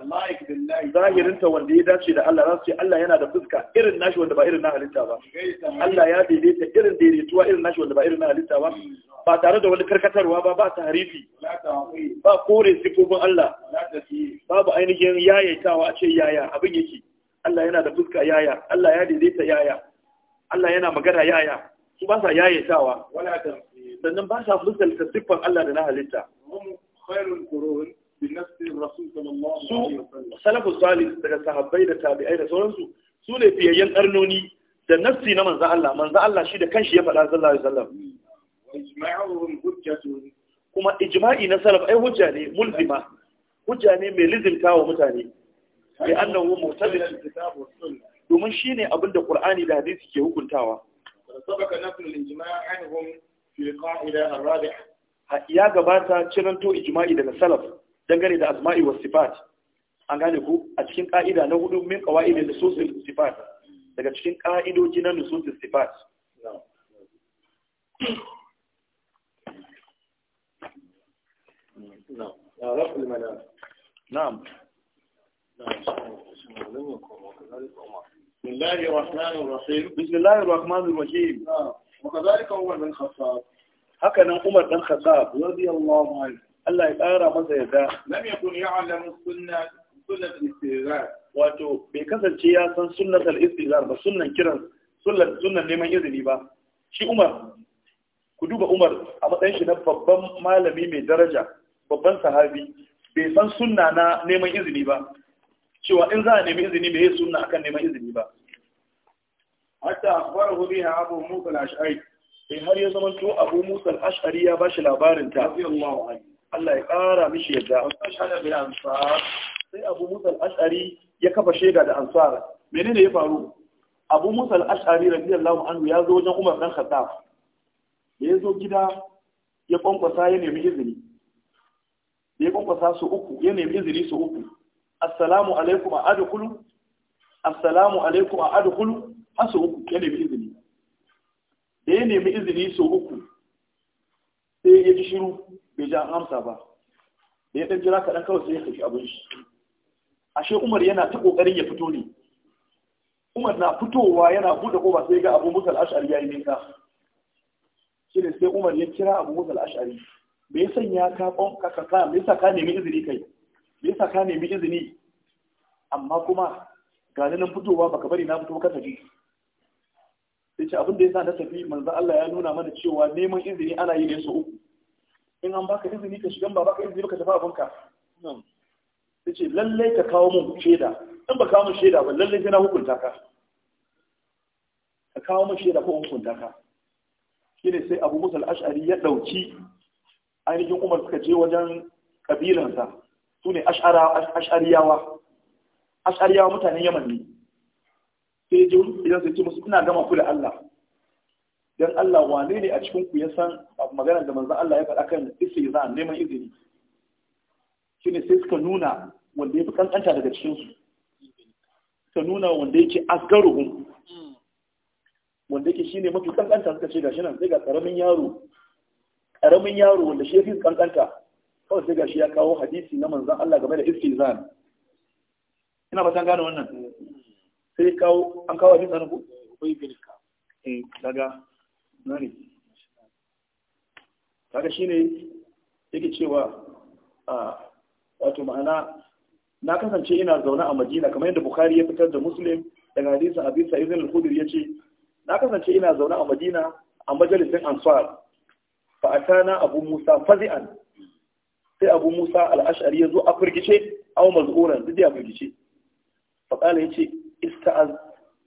zahirinta wanda ya dace da Allah za su ce Allah yana da fuska irin nashi wanda ba irin na halitta ba Allah ya daidaita irin daidaituwa irin nashi wanda ba irin na halitta ba ba tare da wani karkatarwa ba ba harifi. ba kore sifofin Allah babu ainihin yayaitawa a ce yaya abin yake Allah yana da fuska yaya Allah ya daidaita yaya Allah yana magana yaya su ba sa yayaitawa sannan ba sa fuskar siffan Allah da na halitta khairul qurun bi salafu salih daga sahabbai da tabi'ai da sauransu su ne fiyayyen karnoni da nafsi na manzo Allah manzo Allah shi da kanshi ya faɗa sallallahu alaihi wasallam ijma'uhum kuma ijma'i na salaf ai hujja ne mulzima hujja ne mai lizinta wa mutane bi annahu mu'tadil kitab wa sunnah domin abin da Qur'ani da hadisi ke hukuntawa sabaka nafsul anhum fi qa'ida ar ya gabata ciranto ijma'i daga salaf dangane da asma'i wa sifat an gane ku a cikin ka'ida na hudu min qawaid nususul sifat daga cikin ka'idoji na nususul sifat na'am بسم الله الرحمن الرحيم بسم الله الرحمن الرحيم وكذلك هو من خفاف haka nan Umar dan Khattab radiyallahu anhu Allah ya tsara masa yarda lam yakun ya'lamu sunna sunnat istizar wato bai kasance ya san sunnat al-istizar ba sunnan kiran sunnan neman izini ba shi Umar ku duba Umar a matsayin shi na babban malami mai daraja babban sahabi bai san sunna na neman izini ba cewa in za a nemi izini bai yi sunna akan neman izini ba hatta akhbarahu ya Abu Musa al-Ash'ari sai har ya zama to abu musa al'ashari ya ba shi labarin ta Allah ya ƙara mishi yadda sai abu musa al'ashari ya kafa shaida da ansar menene ya faru abu musa al'ashari radiyallahu anhu ya zo wajen umar dan khattab da ya zo gida ya kwankwasa ya nemi izini da ya kwankwasa su uku ya nemi izini su uku assalamu alaikum a adukulu assalamu alaikum a adukulu a su uku ya nemi izini da ya nemi izini sau uku sai ya ji shiru bai ja amsa ba da ya ɗanjira kaɗan kawai sai ya tafi abin shi ashe umar yana ta ƙoƙarin ya fito ne umar na fitowa yana buɗe ƙofa sai ga abu musal ash'ari ya yi ninka shi ne sai umar ya kira abu musal ash'ari me ya sanya ka ka me yasa ka nemi izini kai me yasa ka nemi izini amma kuma ga nan fitowa baka bari na fito ka tafi sai ce abin da yasa na tafi manzo Allah ya nuna mana cewa neman izini ana yi ne su uku in an baka izini ka shiga ba baka izini baka tafi abinka sai ce lallai ka kawo mun shaida in ba kawo mun shaida ba lallai sai na hukunta ka ka kawo mun shaida ko hukunta ka shine sai Abu Musa al-Ash'ari ya dauki ainihin Umar suka je wajen kabilansa su ne ash'ariyawa ash'ariyawa mutanen Yaman ne sai ji idan sai ce musu ina gama ku da Allah dan Allah wane ne a cikin ku ya san magana da manzon Allah ya faɗa kan istizan neman izini shine sai suka nuna wanda ya fi kankanta daga cikin su suka nuna wanda yake asgaruhum wanda yake shine mafi kankanta suka ce gashi nan sai ga karamin yaro karamin yaro wanda shi ya fi kankanta kawai sai gashi ya kawo hadisi na manzon Allah game da istizan ina ba san gane wannan sai kawo an kawo abin sanin ko ubai bin eh, ka daga nani kaga yake cewa a wato ma'ana na kasance ina zaune a Madina kamar yadda Bukhari ya fitar da Muslim daga a bisa Sa'id al ya ce. na kasance ina zaune a Madina a majalisin Ansar fa atana Abu Musa fazi'an sai Abu Musa al-Ash'ari ya zo a firgice aw maz'uran duk ya firgice fa kala yace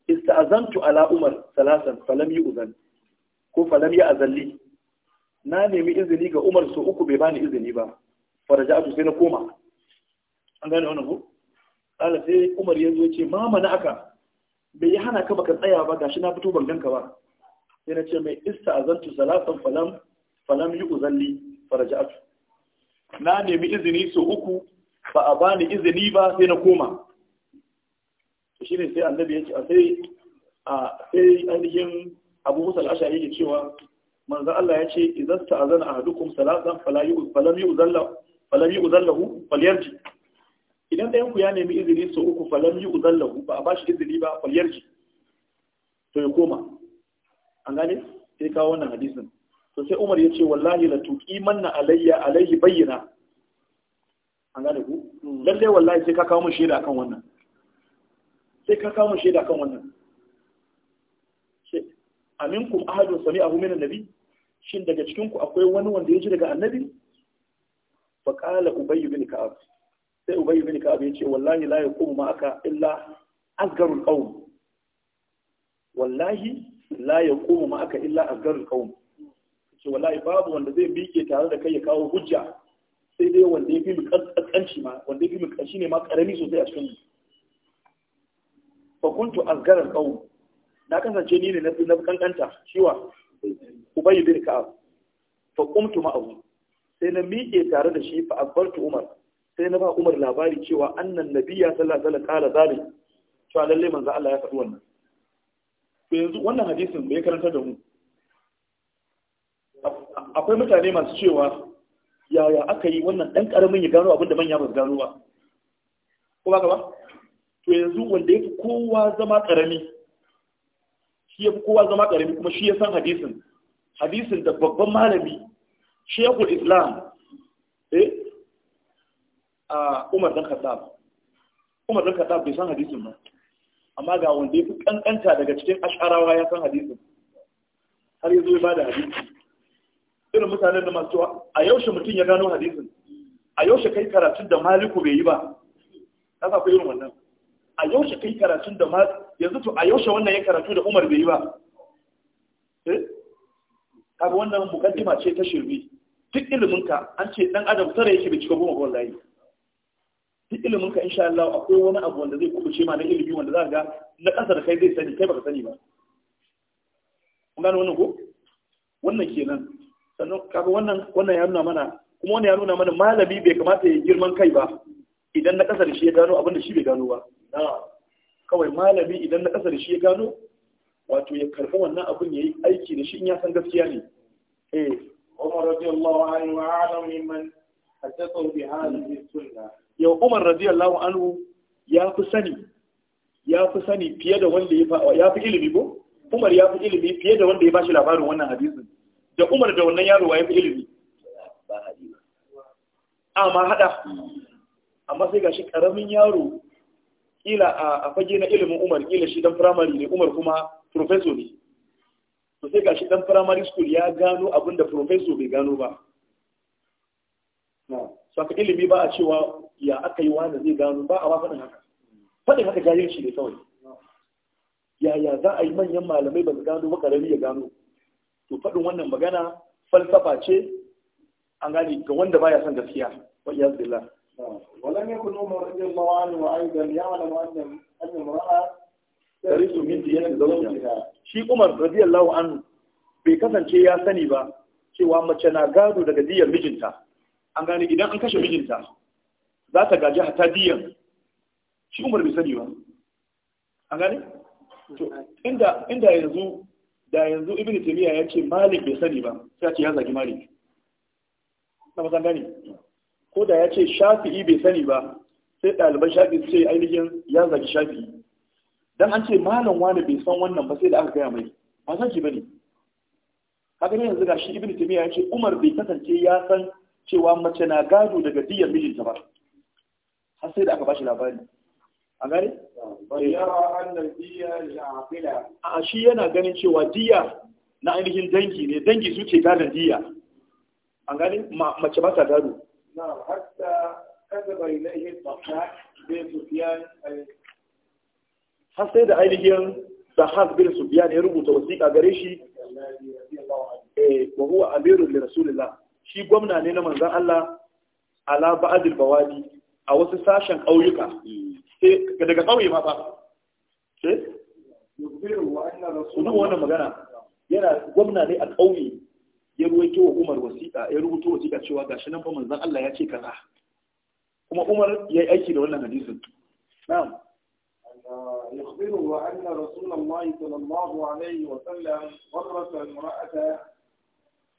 ista'azantu ala umar salasan falam yi uzan ko falam yi azalli na nemi izini ga umar so uku bai bani izini ba faraja'atu sai na koma an gane wannan ko Allah sai Umar ya zo ce ma mana aka bai yi hana ka baka tsaya ba gashi na fito ban ganka ba sai na ce mai ista'azantu salasan falam falam yi uzalli faraja'atu na nemi izini so uku ba a bani izini ba sai na koma shi ne sai annabi ya ce a sai a sai ainihin abu musa al'ashari yake cewa manzo Allah ya ce idan ta azana ahadukum salatan fala yu'zalla falam yu'zallahu falyarji idan ɗayan ku ya nemi izini sau uku falam hu, ba a bashi izini ba falyarji to ya koma an gane sai kawo wannan hadisin to sai Umar ya ce wallahi la manna alayya alayhi bayyana an gane ku hmm. lalle wallahi sai ka kawo mun shaida akan wannan sai ka kama shaida kan wannan aminkum ahadun sami abu min annabi shin daga cikin ku akwai wani wanda ya ji daga annabi fa qala ubayy bin ka'ab sai ubayy bin ka'ab ya ce wallahi la yaqumu ma aka illa azgarul qawm wallahi la yaqumu ma aka illa azgarul qawm ce wallahi babu wanda zai bike tare da kai ya kawo hujja sai dai wanda ya fi mu kankanci ma wanda ya fi mu kanci ne ma karami sosai a cikin mu fa kuntu azgaral qaum na kasance ni ne na kankanta shiwa ubay bin ka'ab fa qumtu ma'ahu sai na miƙe tare da shi fa akbartu umar sai na ba umar labari cewa annan nabiyya sallallahu alaihi wasallam kala zalim cewa lalle manzo Allah ya faɗi wannan to yanzu wannan hadisin bai karanta da mu akwai mutane masu cewa yaya aka yi wannan ɗan ƙaramin ya gano abinda manya ba su gano ba ko ba ka ba to yanzu wanda ya fi kowa zama ƙarami shi ya fi kowa zama ƙarami kuma shi ya san hadisin hadisin da babban malami shekul islam eh a umar dan khattab umar dan khattab bai san hadisin ba amma ga wanda ya fi kankanta daga cikin asharawa ya san hadisin har ya zo ya bada hadisi irin mutanen da masu cewa a yaushe mutum ya gano hadisin a yaushe kai karatun da maliku bai yi ba ka sa irin wannan a yaushe kai karatun da ma yanzu to a yaushe wannan ya karatu da Umar bai yi ba eh kaga wannan mukaddima ce ta shirme duk ilimin ka an ce dan adam tare yake bai cika goma ba wallahi duk ilimin ka insha Allah akwai wani abu wanda zai kubuce ma na ilimi wanda za ga na kasa da kai zai sani kai baka sani ba kun gane wannan ko wannan kenan sannan kaga wannan wannan ya nuna mana kuma wannan ya nuna mana malami bai kamata ya girman kai ba idan na kasar shi ya gano abin da shi bai gano ba kawai malami idan na kasar shi ya gano wato ya karfi wannan abin ya yi aiki da shi in ya san gaskiya ne eh Umar radiyallahu anhu yau Umar radiyallahu anhu ya fi sani ya fi sani fiye da wanda ya ya fi ilimi ko Umar ya fi ilimi fiye da wanda ya ba shi labarin wannan hadisin da Umar da wannan yaro ya fi ilimi amma hada amma sai gashi karamin yaro kila a fage na ilimin umar kila shi dan firamare ne umar kuma professor ne to sai gashi dan firamare school ya gano abin da professor bai gano ba saka ilimi ba a cewa ya aka yi wani zai gano ba a ba faɗin haka faɗin haka jahilci ne kawai yaya za a yi manyan malamai ba su gano ba karami ya gano to faɗin wannan magana falsafa ce an gane ga wanda baya son gaskiya wa iyaz billah ولم يكن عمر رضي الله عنه أيضا يعلم ان أن امرأة ترث من ديانة زوجها شي عمر رضي الله عنه bai kasance ya sani ba cewa mace na gado daga diyar mijinta an gane idan an kashe mijinta za ta gaji hata diyar shi umar bai sani ba an gane inda inda yanzu da yanzu ibn taymiya ya ce malik bai sani ba sai ce ya zagi malik na ba san gane ko da ya ce shafi'i bai sani ba sai ɗaliban shafi'i sai ainihin ya zaki shafi'i dan an ce malam wani bai san wannan ba sai da aka gaya mai ba san shi bane haka ne yanzu gashi Ibn taymiya ya ce umar bai kasance ya san cewa mace na gado daga diyar mijinta ba har sai da aka bashi labari a gane? a shi yana ganin cewa diya na ainihin dangi ne dangi suke gadon diya a gane mace ba ta gado نعم حتى كتب sai da ainihin sahas bin subiyan ya rubuta wasiƙa gare shi wa huwa amirul li rasulillah shi gwamna ne na manzon Allah ala ba'dil bawadi a wasu sashen ƙauyuka sai daga ƙauye ma fa sai yubiru wa anna rasulullah wannan magana yana gwamna ne a ƙauye ya ruwaito wa Umar wasiƙa ya rubuto wasiƙa cewa gashi nan fa manzon Allah ya ce kaza kuma Umar ya yi aiki da wannan hadisin na'am يخبره أن رسول الله صلى الله عليه وسلم غرس المرأة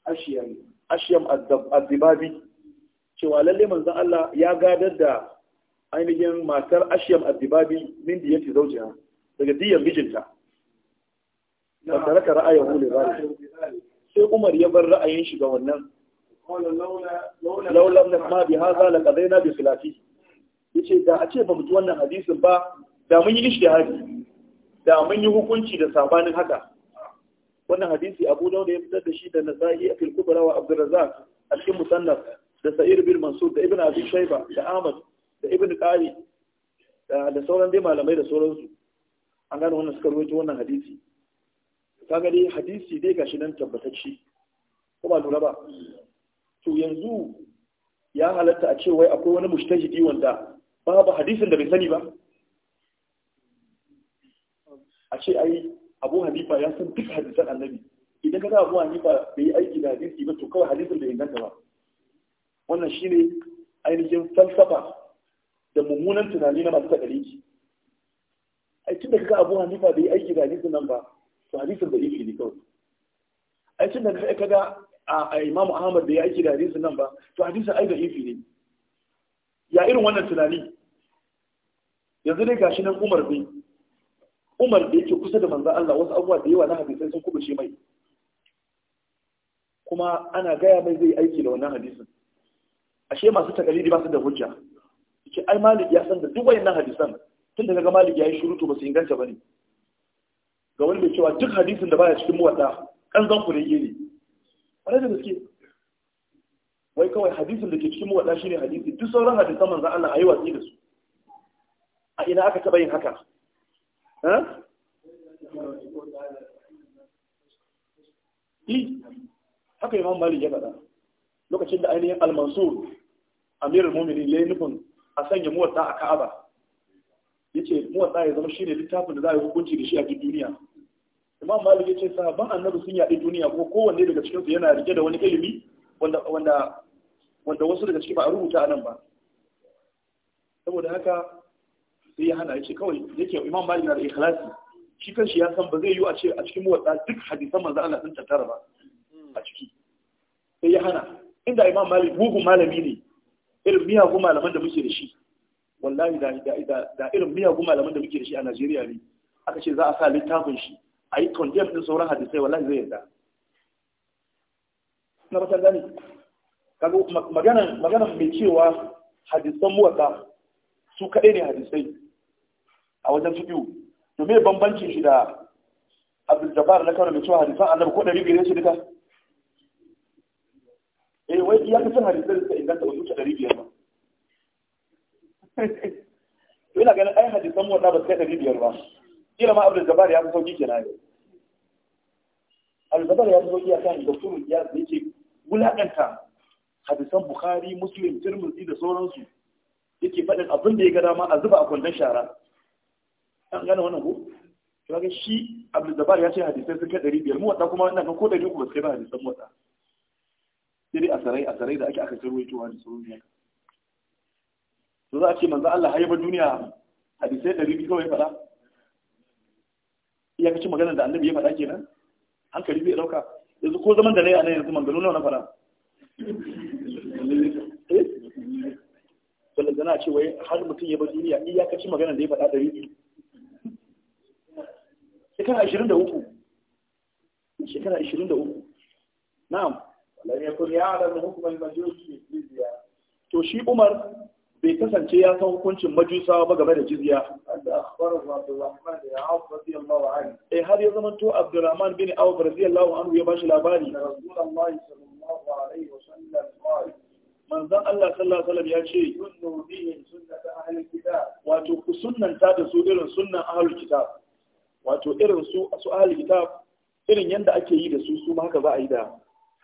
أشيم أشيم الذبابي cewa lalle manzon Allah ya gadar da ainihin matar Ashyam Adibabi min diyati zawjiha daga diyan mijinta. Ba taraka ra'ayahu li zalika. sai Umar ya bar ra'ayin shi ga wannan laula na ma bi haza la qadaina bi khilafi yace da a ce ba mu wannan hadisin ba da mun yi ishtihadi da mun yi hukunci da sabanin haka wannan hadisi Abu Dawud ya fitar da shi da Nasa'i a fil Kubra wa Abdul Razzaq a cikin Musannaf da Sa'ir bin Mansur da Ibn Abi Shayba da Ahmad da Ibn Qari da sauran dai malamai da sauransu an gano wannan suka rawaito wannan hadisi kaga dai hadisi dai gashi nan tabbatacce ko ba lura ba to yanzu ya halatta a ce wai akwai wani mujtahidi wanda babu hadisin da bai sani ba a ce ai Abu Hanifa ya san duk hadisan Annabi idan kaga Abu Hanifa bai yi aiki da hadisi ba to kawai hadisin bai inganta ba wannan shine ainihin falsafa da mummunan tunani na masu takaliki ai tun da kaga Abu Hanifa bai yi aiki da hadisin nan ba to hadisin da yake ne kawai ai tun da kai kaga a imamu Ahmad da ya aiki da hadisin nan ba to hadisin ai da yake ne ya irin wannan tunani yanzu dai gashi nan Umar bin Umar da yake kusa da manzo Allah wasu abubuwa da yawa na hadisai sun kubuce mai kuma ana gaya mai zai aiki da wannan hadisin ashe masu takalidi ba su da hujja ki ai malik ya san da duk wayannan hadisan tun da kaga malik ya yi shurutu ba su inganta ba ne ga wanda cewa duk hadisin da baya cikin muwadda kan zan ku rege ne wani da gaske wai kawai hadisin da ke cikin muwadda shine hadisi duk sauran hadisan manzo Allah ayi watsi da su a ina aka taba yin haka ha i haka imam mali ya faɗa lokacin da ainihin al-mansur amirul mu'minin yayin nufin a sanya muwadda a ka'aba yace muwadda ya zama shine littafin da za a yi hukunci da shi a duniya imam malik ya ce sahabban annabi sun yaɗi duniya ko kowanne daga cikinsu yana rike da wani ilimi wanda wasu daga ciki ba a rubuta a nan ba saboda haka sai ya hana ya ce kawai yake imam malik na da ikhlasi shi kanshi ya san ba zai yi a ce a cikin muwatta duk hadisan manzo Allah sun tattara ba a ciki sai ya hana inda imam malik bugu malami ne irin miyagun malaman da muke da shi wallahi da irin miyagun malaman da muke da shi a Najeriya ne aka ce za a sa littafin shi a yi tonjiyar ɗin sauran hadisai wallahi zai yarda na ba ta gani kaga magana magana mai cewa hadisan muwatta su kaɗai ne hadisai a wajen fiƙiyu to me bambancin shi da abdul jabbar na kano mai cewa hadisan annabi ko ɗari biyar shi duka eh wai ya fi son hadisan da inganta wasu ta ɗari biyar ba ina ganin ai hadisan muwatta ba su kai ɗari biyar ba kila ma abdul jabbar ya fi sauki ke ne abdul jabbar ya fi sauki a kan doktor ya yake wulakanta hadisan bukhari muslim tirmidhi da sauransu yake faɗin abin da ya ga dama a zuba a kwandon shara an gane wannan ko to ga shi abdul jabbar ya ce hadisai sun kai 500 mu wata kuma ina kan ko ku ba su kai ba hadisan mu wata sai sarai a sarai da ake aka karwaitowa da sauran yaka to za a ce manzo Allah haiba duniya hadisai 200 kawai fada iyakacin maganar da annabi ya faɗa kenan hankali zai ɗauka yanzu ko zaman da na yi a nan yanzu manzanni nawa na faɗa eh? wanda zana ce wai har mutum ya bar duniya iyakacin maganar da ya faɗa ɗari biyu shekara ashirin da uku shekara ashirin da uku na'am wala ya kun ya alamu hukumar majalisi to shi umar bai kasance ya san hukuncin majusawa ba game da jizya eh har ya zama to abdurrahman bin awf radiyallahu anhu ya bashi labari manzon Allah sallallahu alaihi wasallam ya ce wato ku sunnanta da su irin sunnan ahlul kitab wato irin su su ahlul kitab irin yanda ake yi da su su ma haka za a yi da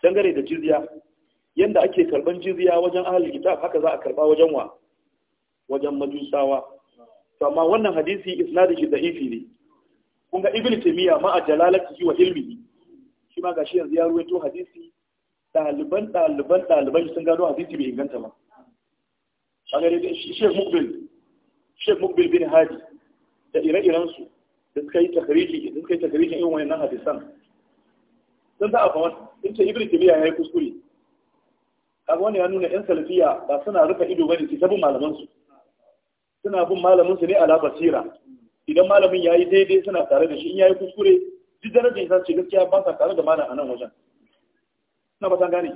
dangare da jizya yanda ake karban jizya wajen ahlul kitab haka za a karba wajen wa wajen majusawa to amma wannan hadisi isnadin shi da'ifi ne kun ga ibnu taymiya ma a jalalatihi wa ilmihi shi ma gashi yanzu ya ruwaito hadisi Daliban, daliban, daliban sun gano hadisi bai inganta ba kagare da shek mukbil shek mukbil bin hadi da ire-iren su da suka yi takariki da suka yi takariki irin wannan hadisan sun ta a fama in ce ibnu taymiya yayi kuskure kaga wani ya nuna yan salafiya ba suna rufe ido bane su tabbin malaman su suna bin malamin su ne ala basira idan malamin ya yi daidai suna tare da shi in ya yi kuskure duk darajar isa ce gaskiya ba sa tare da mana a nan wajen suna basan gane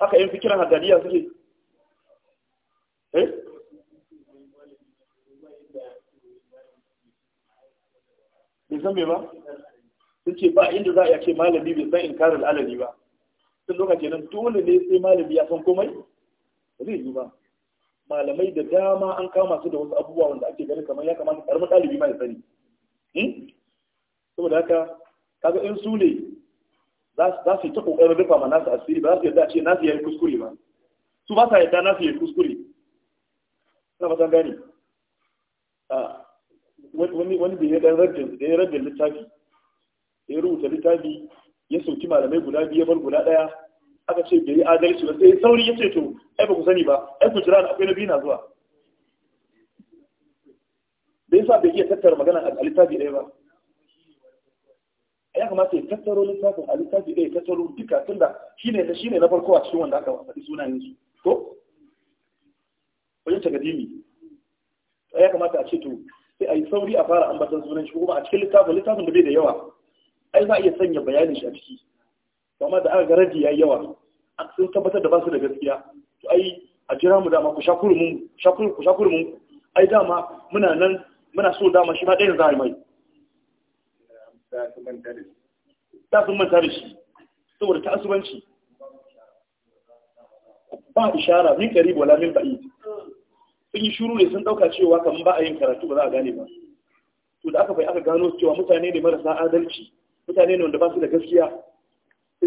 haka yin fikiran hadariya suke eh bai san me ba sun ce ba inda za a ce malami bai san inkarar alali ba sun lokaci nan dole ne sai malami ya san komai ba zai yi ba malamai da dama an kama su da wasu abubuwa wanda ake ganin kamar ya kamata karamin ɗalibi ma ya sani hmm? saboda haka kaga in su ne za su yi ta kokarin rufa ma nasu asiri ba za su yarda ce nasu yayi kuskure ba su ba sa yarda nasu yayi kuskure ina fatan gani wani wani da ya dan da ya littafi ya rubuta littafi ya sauki malamai guda biyu ya bar guda ɗaya aka ce bai yi adalci ba sai sauri ya ce to ai ba ku sani ba ai ku jira akwai na biyu na zuwa bai sa bai iya tattara magana a littafi ɗaya ba ya kamata ya tattaro littafin a littafi ɗaya tattaro duka tunda ne shi ne na farko a cikin wanda aka faɗi sunayen su ko wajen tagadimi ya kamata a ce to sai a yi sauri a fara ambatan sunan shi kuma a cikin littafin littafin da bai da yawa ai za a iya sanya bayanin shi a ciki amma da aka ga ya yayi yawa sun tabbatar da ba su da gaskiya to ai a jira mu dama ku shakuru mun shakuru ku shakuru mun ai dama muna nan muna so dama shi ma ɗaya za a yi mai da sun manta da shi saboda ta asubanci ba ishara min ƙari wala min ba'i sun yi shuru ne sun ɗauka cewa kamar ba a yin karatu ba za a gane ba to da aka bai aka gano cewa mutane ne marasa adalci mutane ne wanda ba su da gaskiya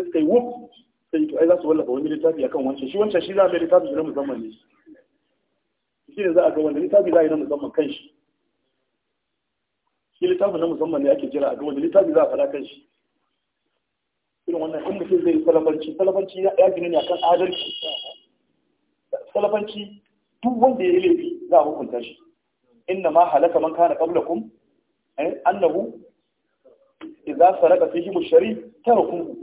sai suka yi wuf sai to ai za su wallafa wani littafi akan wancan shi wancan shi za a mai littafi shi na musamman ne shi ne za a ga wanda littafi za a yi na musamman kan shi shi littafi na musamman ne ake jira a ga wanda littafi za a faɗa kan shi irin wannan in mutum zai yi salafanci salafanci ya gina ne akan adalci salafanci duk wanda ya yi laifi za a hukunta shi inna ma halaka man kana qablakum eh, annahu idza saraka fihi musharif tarakum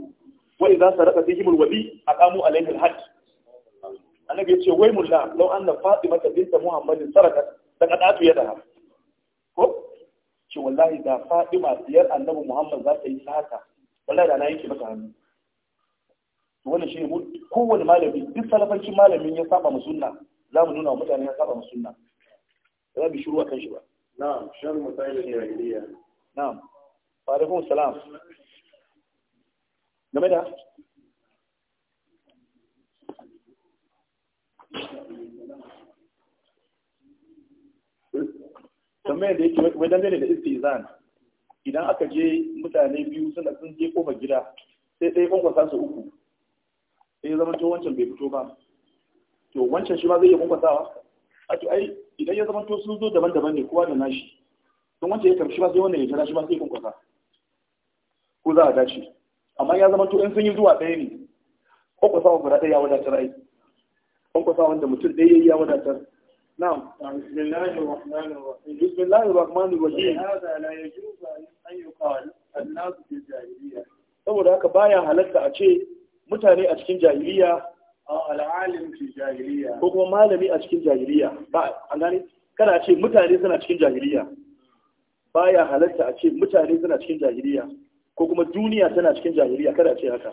wa idza saraka bihimul wabi aqamu alayhi al-hadd annabi yace wai mulla law anna fatima binta muhammadin sarakat daga datu yadaha ko ce wallahi da fatima biyar annabi muhammad za ta yi saka wallahi da na yanke mata hannu wannan shi ne kowane malami duk salafancin malamin ya saba mu sunna za mu nuna wa mutane ya saba mu sunna ba za mu shiru akan shi ba na'am shan mutane ne a na'am wa alaikum salam game da tambayar da yake wai dangane da istizan idan aka je mutane biyu suna sun je kofar gida sai ɗaya kwankwasa su uku sai zama to wancan bai fito ba to wancan shi ma zai iya kwankwasawa a to ai idan ya zama to sun zo daban-daban ne kowa da nashi don wancan ya kamshi ba sai wannan ya tara shi ma sai kwankwasa ko za a dace amma ya zama to in sun yi zuwa ɗaya ne kwakwasa wa guda ɗaya ya wadatar ai kwakwasa wanda mutum ɗaya ya wadatar نعم بسم الله الرحمن الرحيم بسم الله الرحمن الرحيم هذا لا يجوز أن يقال الناس في الجاهلية saboda haka baya halatta a ce mutane a cikin jahiliya al'alim fi jahiliya ko kuma malami a cikin jahiliya ba an gane kana ce mutane suna cikin jahiliya baya halatta a ce mutane suna cikin jahiliya ko kuma duniya tana cikin jahiliya kada ce haka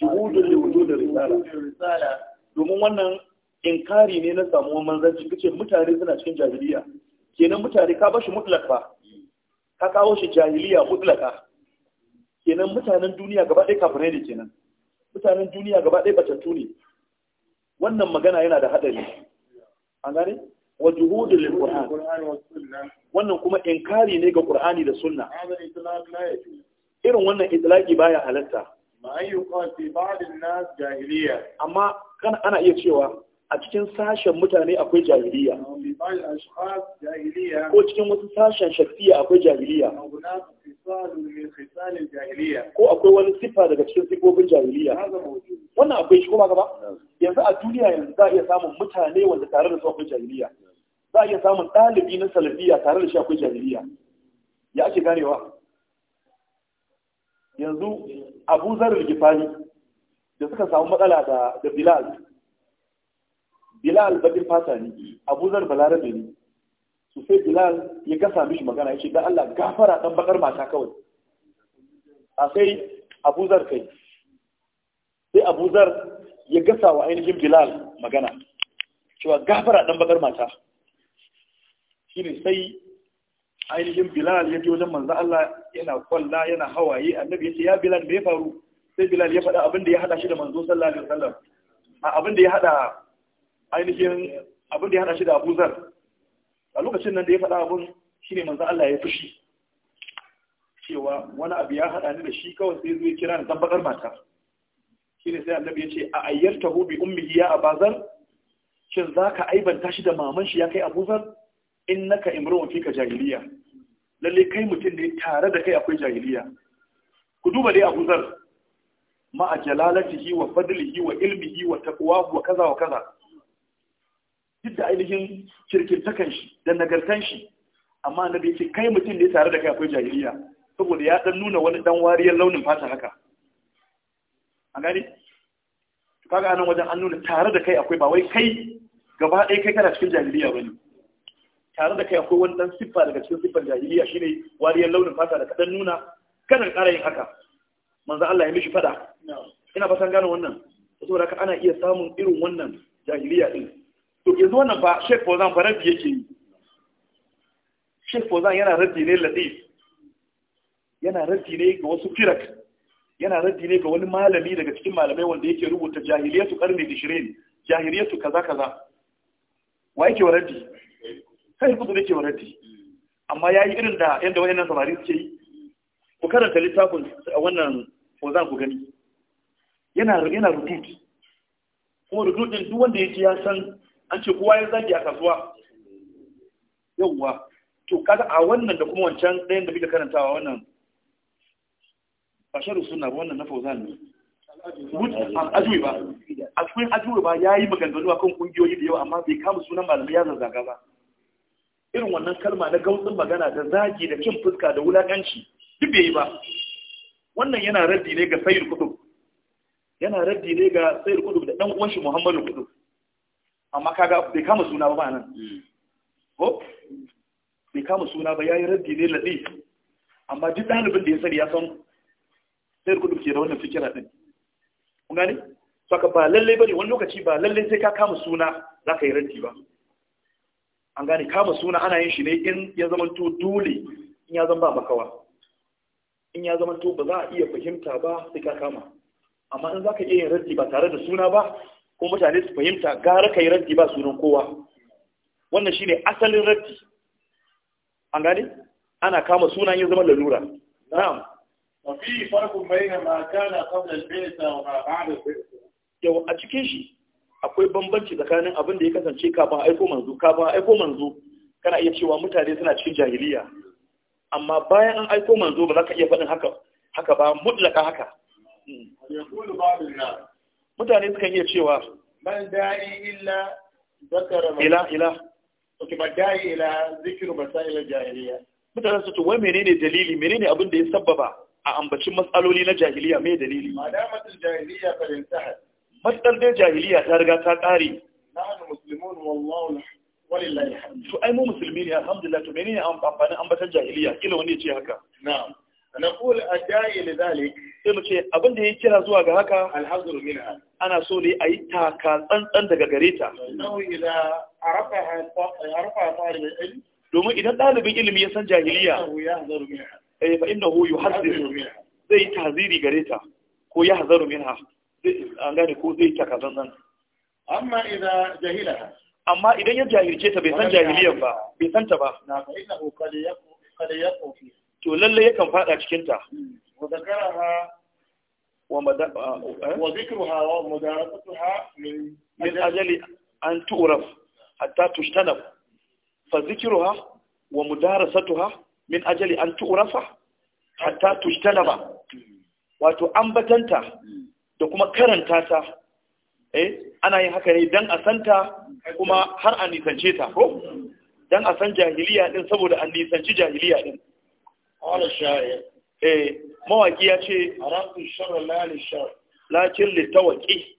juhudu li wujudi risala domin wannan inkari ne na samuwar manzanci kace mutane suna cikin jahiliya kenan mutane ka bashi mutlak ka kawo shi jahiliya mutlaka kenan mutanen duniya gaba ɗaya kafirai ne kenan mutanen duniya gaba ɗaya batattu ne wannan magana yana da haɗari an gane وجهود للقران wannan kuma inkari ne ga qur'ani da sunna irin wannan itlaqi baya halatta ma ayyuka fi ba'd an-nas jahiliya amma kana ana iya cewa a cikin sashen mutane akwai jahiliya ko cikin wasu sashen shafiya akwai jahiliya ko akwai wani siffa daga cikin sifofin jahiliya wannan akwai shi kuma gaba yanzu a duniya yanzu za a iya samun mutane wanda tare da su akwai jahiliya za a iya samun ɗalibi na salafiya tare da shi akwai jahiliya ya ake ganewa yanzu abu zarar gifani da suka samu matsala da bilal bilal bakin fata ne abu zar balarabe ne su sai bilal ya gasa mishi magana ya ce da allah gafara dan bakar mata kawai a sai abu zar kai sai abu zar ya gasa wa ainihin bilal magana cewa gafara dan bakar mata shi ne sai ainihin bilal ya ji wajen manzan allah yana kwalla yana hawaye annabi ya ce ya bilal me ya faru sai bilal ya faɗa abin da ya haɗa shi da manzo sallallahu alaihi wasallam a abin da ya haɗa ainihin abin da ya hada shi da abuzar, a lokacin nan da ya faɗa abin shine manzan Allah ya fushi cewa wani abu ya haɗa ni da shi kawai sai zai kira ni dan mata ne sai annabi ya ce a ta hobi ummi ya abazar shin ka aibanta shi da maman shi ya kai abuzar? in naka innaka imru'un ka jahiliya lalle kai mutum ne tare da kai akwai jahiliya ku duba dai abuzar Zar ma'a jalalatihi wa fadlihi wa ilmihi wa taqwa wa kaza wa kaza duk da ainihin kirkintakan shi da nagartan shi amma na bai ce kai mutum ne tare da kai akwai jahiliya saboda ya dan nuna wani dan wariyar launin fata haka a gani kaga anan wajen an nuna tare da kai akwai ba wai kai gaba ɗaya kai kana cikin jahiliya bane tare da kai akwai wani dan siffa daga cikin siffar jahiliya shine wariyar launin fata da kadan nuna kana ƙara yin haka manzo Allah ya mishi fada ina fatan gane wannan saboda ka ana iya samun irin wannan jahiliya din to yanzu ba fa Sheikh ba fa rabbi yake yi Shek fozan yana rabi ne latif yana rabi ne ga wasu firak yana rabi ne ga wani malami daga cikin malamai wanda yake rubuta jahiliyatu karni shirin jahiliyatu kaza kaza wa yake wa rabbi sai kudu yake wa rabbi amma yayi irin da yanda wayannan samari suke yi ku karanta littafin wannan fozan ku gani yana yana rubutu kuma rubutun duk wanda yake ya san an ce kowa ya zagi a kasuwa yawwa to kaga a wannan da kuma wancan ɗayan da muke karantawa wannan basharu suna ba wannan na fauzan ne ajuwe ba a cikin ajuwe ba ya yi maganganu a kan ƙungiyoyi da yau, amma bai kama sunan malamai ya zazzaga ba irin wannan kalma na gautsin magana da zagi da cin fuska da wulaƙanci duk bai yi ba wannan yana raddi ne ga sayar kudu yana raddi ne ga sayar kudu da ɗan uwan shi muhammadu kudu amma kaga bai kama suna ba nan hmm. ko bai kama suna ba yayi raddi ne ladi amma duk dalibin da ya sani ya san sai ku duke da wannan fikira din kun gane saka ba lalle bane wani lokaci ba lalle sai ka kama suna zaka yi raddi ba an gane kama suna ana yin shi ne in ya zama to dole in ya zama ba makawa in ya zama to ba za a iya fahimta ba sai ka kama amma in zaka iya yin raddi ba tare da suna ba ko mutane su fahimta gara kai raddi ba sunan kowa wannan shine asalin raddi an gani ana kama sunan ya zama lalura yau a cikin shi akwai bambanci tsakanin abin da ya kasance kafin aiko manzo kafin aiko manzo kana iya cewa mutane suna cikin jahiliya amma bayan an aiko manzo ba za ka iya faɗin haka haka ba mutlaka haka mutane sukan iya cewa man da'i illa zakara ila ila okay ba da'i ila zikru masail jahiliya mutane su to wai menene dalili menene abin da ya sabbaba a ambacin matsaloli na jahiliya mai dalili madamatul jahiliya fa intahat matsal jahiliya ta riga ta kare nahnu muslimun wallahu walillahi hamd to ai mu musulmi ne alhamdulillah to menene amfanin ambatan jahiliya kila wani ya ce haka na'am naqul adai li dhalik sai mu ce abin da ya kira zuwa ga haka alhazuru mina ana so ne a yi taka tsantsan daga gare ta domin idan ɗalibin ilimi ya san jahiliya eh fa innahu yuhazziru zai taziri gare ta ko ya hazaru minha an gane ko zai taka tsantsan amma idan jahila amma idan ya jahilce ta bai san jahiliyar ba bai san ta ba na fa innahu qad yaqu qad yaqu fi to lalle yakan fada cikin ta hmm. وذكرها ومد... وذكرها ومدارستها من من أجل أن تعرف حتى تجتنب فذكرها ومدارستها من أجل أن تعرف حتى تجتنب wato ambatanta da kuma karanta ta eh ana yin haka ne dan a santa kuma har a nisance ta ko dan a san jahiliya din saboda an nisanci jahiliya din qala sha'ir eh mawaki ya ce aratu sharra la li lakin litawaki,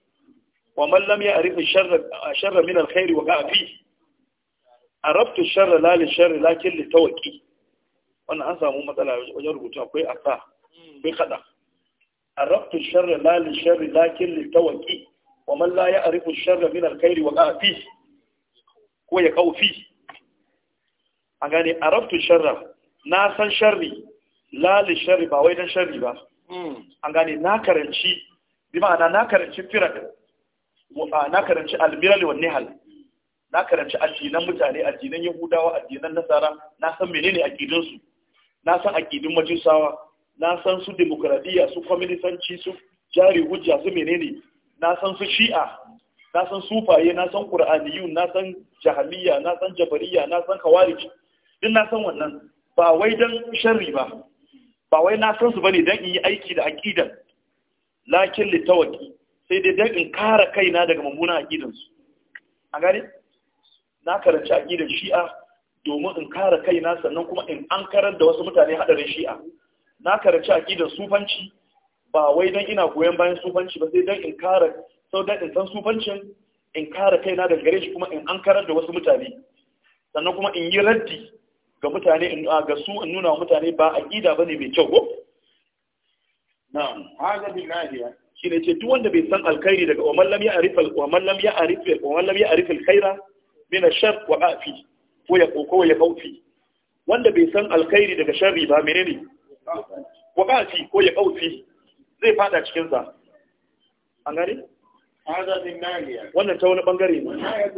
wa man lam ya'rif sharra sharra min alkhair wa qa'a fi arabtu sharra la li lakin litawaki. wannan an samu matsala wajen rubutu akwai asa bai kada arabtu sharra la li lakin litawaki, wa man la ya'rif sharra min alkhair wa qa'a ko ya kaufi a gane arabtu sharra na san sharri lali shari ba wai dan shari ba hmm. an gane na karanci bi ma'ana na karanci firak na karanci albiral wa nihal na karanci addinan mutane addinan yahudawa addinan nasara na san menene aqidun su na san aqidun majusawa na san su demokradiya su kwaminisanci su jari hujja su menene na san su shi'a na san sufaye na san qur'aniyun na san jahamiya na san jabariya na san khawarij din na san wannan ba wai dan sharri ba ba wai na san su bane dan in yi aiki da aqidan lakin litawaki sai dai dan in kare kaina daga mummunan aqidan su a gare na karanci aqidan shi'a domin in kare kaina sannan kuma in an karar da wasu mutane hadarin shi'a na karanci aqidan sufanci ba wai dan ina goyen bayan sufanci ba sai dan in kare sau da in san sufancin in kare kaina daga gare shi kuma in an karar da wasu mutane sannan kuma in yi raddi ga mutane ah, ga su in nuna mutane ba aqida bane mai kyau ko na'am hada billahi shi ne ce duk wanda bai san alkhairi daga wa man lam ya'rif al wa man lam ya'rif wa lam min ashar wa afi ko ya ko ya kaufi wanda bai san alkhairi daga sharri ba menene wa afi ko ya kaufi zai fada cikin sa an gane hada billahi wannan ta wani bangare ne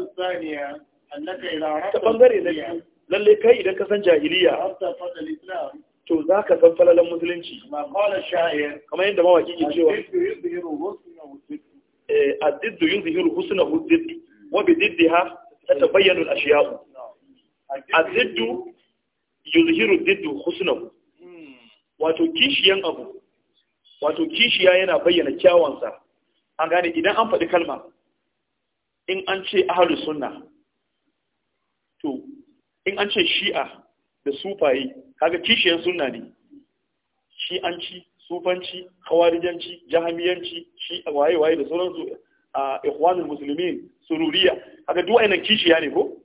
ta bangare na biyu lalle kai idan ka san jahiliya to za ka san falalan musulunci kamar yadda mawaki ke cewa a yin yuzhiru husna huddiddi eh, wa bi diddiha tatabayyanu A ashyau addiddu yuzhiru diddu husnahu hmm. wato kishiyan abu wato kishiya yana bayyana kyawansa an gane idan an faɗi kalma in an ce ahalu sunna to in an ce shi'a da sufaye kaga kishiyar sunna ne shi'anci sufanci kawarijanci jahamiyanci shi waye waye da sauransu a ikhwanul muslimin sururiya kaga duk wannan kishiya ne ko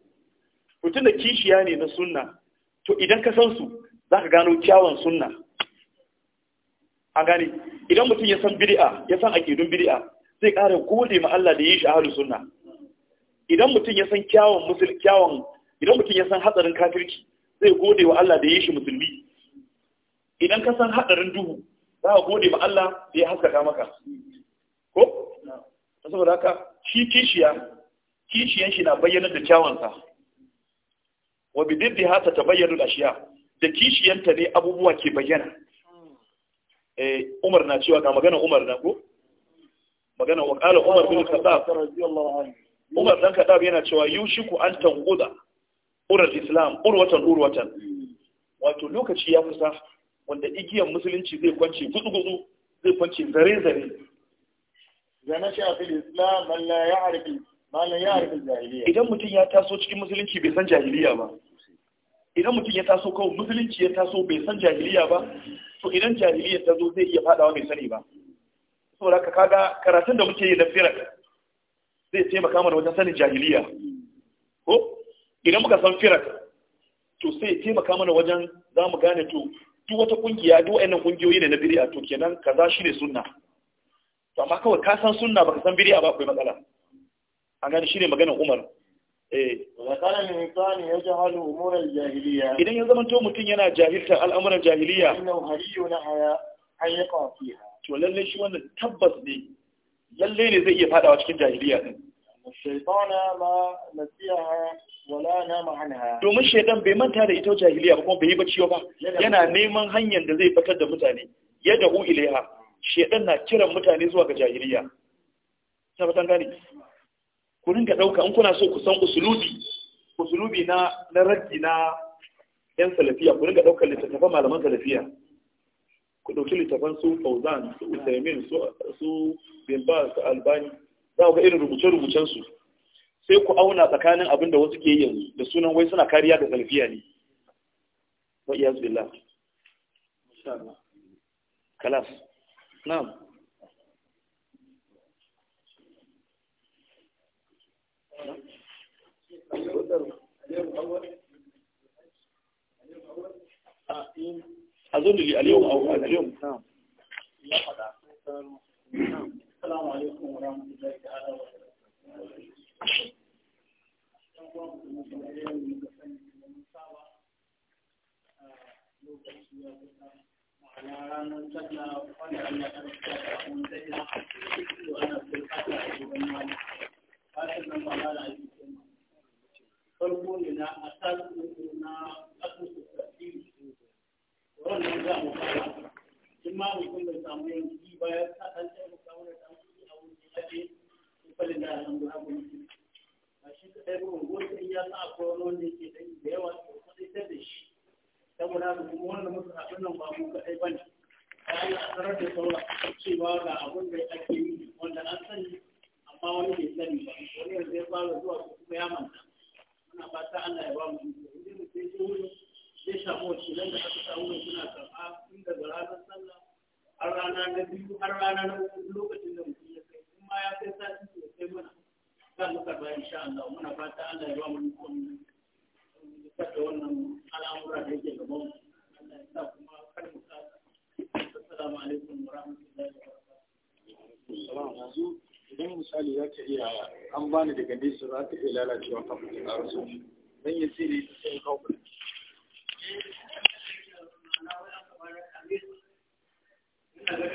to tunda kishiya ne na sunna to idan ka san su zaka gano kyawun sunna a gane idan mutum ya san bid'a ya san akidun bid'a zai kare gode ma Allah da yi shi ahlus sunna idan mutum ya san kyawun musul kyawun idan mutum ya san hatsarin kafirci zai gode wa Allah da ya yi shi musulmi idan ka san hatsarin duhu za ka gode wa Allah da ya haskaka maka ko saboda haka shi kishiya kishiyan shi na bayyana da kyawansa wa bididdi hata ta bayyana ashiya da kishiyanta ne abubuwa ke bayyana eh Umar na cewa ga magana Umar na ko magana wa qala Umar bin Khattab radiyallahu anhu Umar dan Khattab yana cewa yushiku an tanquda urar islam urwatan urwatan wato lokaci ya kusa wanda igiyar musulunci zai kwance gudu-gudu zai kwance zare-zare zana shi a islam malla ya harfi malla ya harfi jahiliya idan mutum ya taso cikin musulunci bai san jahiliya ba idan mutum ya taso kawai musulunci ya taso bai san jahiliya ba to idan jahiliya ta zo zai iya fadawa bai sani ba saboda ka kaga karatun da muke yi na firak zai taimaka mana wajen sanin jahiliya ko idan muka san Firat, to sai taimaka mana wajen za mu gane to duk wata kungiya duk wa'annan kungiyoyi ne na a to kenan kaza ne sunna to amma kawai ka san sunna baka san bid'a ba akwai matsala an gane ne maganar Umar eh. jahiliya idan ya zamanto mutum yana jahilta al'amuran jahiliya haya an to lallai shi wannan tabbas ne Lallai ne zai iya fadawa cikin jahiliya din domin shaidan bai manta da ita jahiliya kuma bai yi bacci ba yana neman hanyar da zai batar da mutane ya dahu ilaiha na kiran mutane zuwa ga jahiliya ku ringa ɗauka in kuna so ku san usulubi usulubi na na na yan salafiya ku ringa ɗaukar littattafan malaman salafiya ku ɗauki litattafan su fauzan su usaimin su bin su albani za ku ga irin rubuce-rubucen su sai ku auna tsakanin abin da wasu ke yi yanzu da sunan wai suna kariya da zalfiya ne wa iya iyaz billah kalas na a zo da aliyau a aliyau ya faɗa السلام عليكم ورحمة الله تعالى وبركاته. على نزلنا وأنا نزلنا وأنا في الحلقة والنام هذا ما قال عليه فرقنا أساسنا أساس التأثير ورنا نزام وقال إما يكون التأمين في بيت أساس التأمين ake kwalin da alhamdu abu shi ka ya sa a yake da da yawa to ta da shi saboda haka kuma wannan musu haɗin nan ba mu kaɗai ba ne ta yi a da sauran cewa ga abin da ake yi wanda an sani amma wani bai sani ba wani yanzu ya fara zuwa ko kuma ya manta muna fata Allah ya ba mu iko wuri zai samu da aka samu da suna karɓa tun daga ranar sallah har rana na biyu har rana na lokacin da mutum ma ya sati da kai mana za mu karba insha Allah muna fata Allah ya ba mu nufin da wannan al'amura da yake gaban Allah ya sa kuma kar mu kasa assalamu alaikum wa rahmatullahi wa barakatuh idan misali za ka iya an bani daga nesa za ka iya lalacewa kafin a rasu dan ya sirri ta sai kawo Thank eh, you.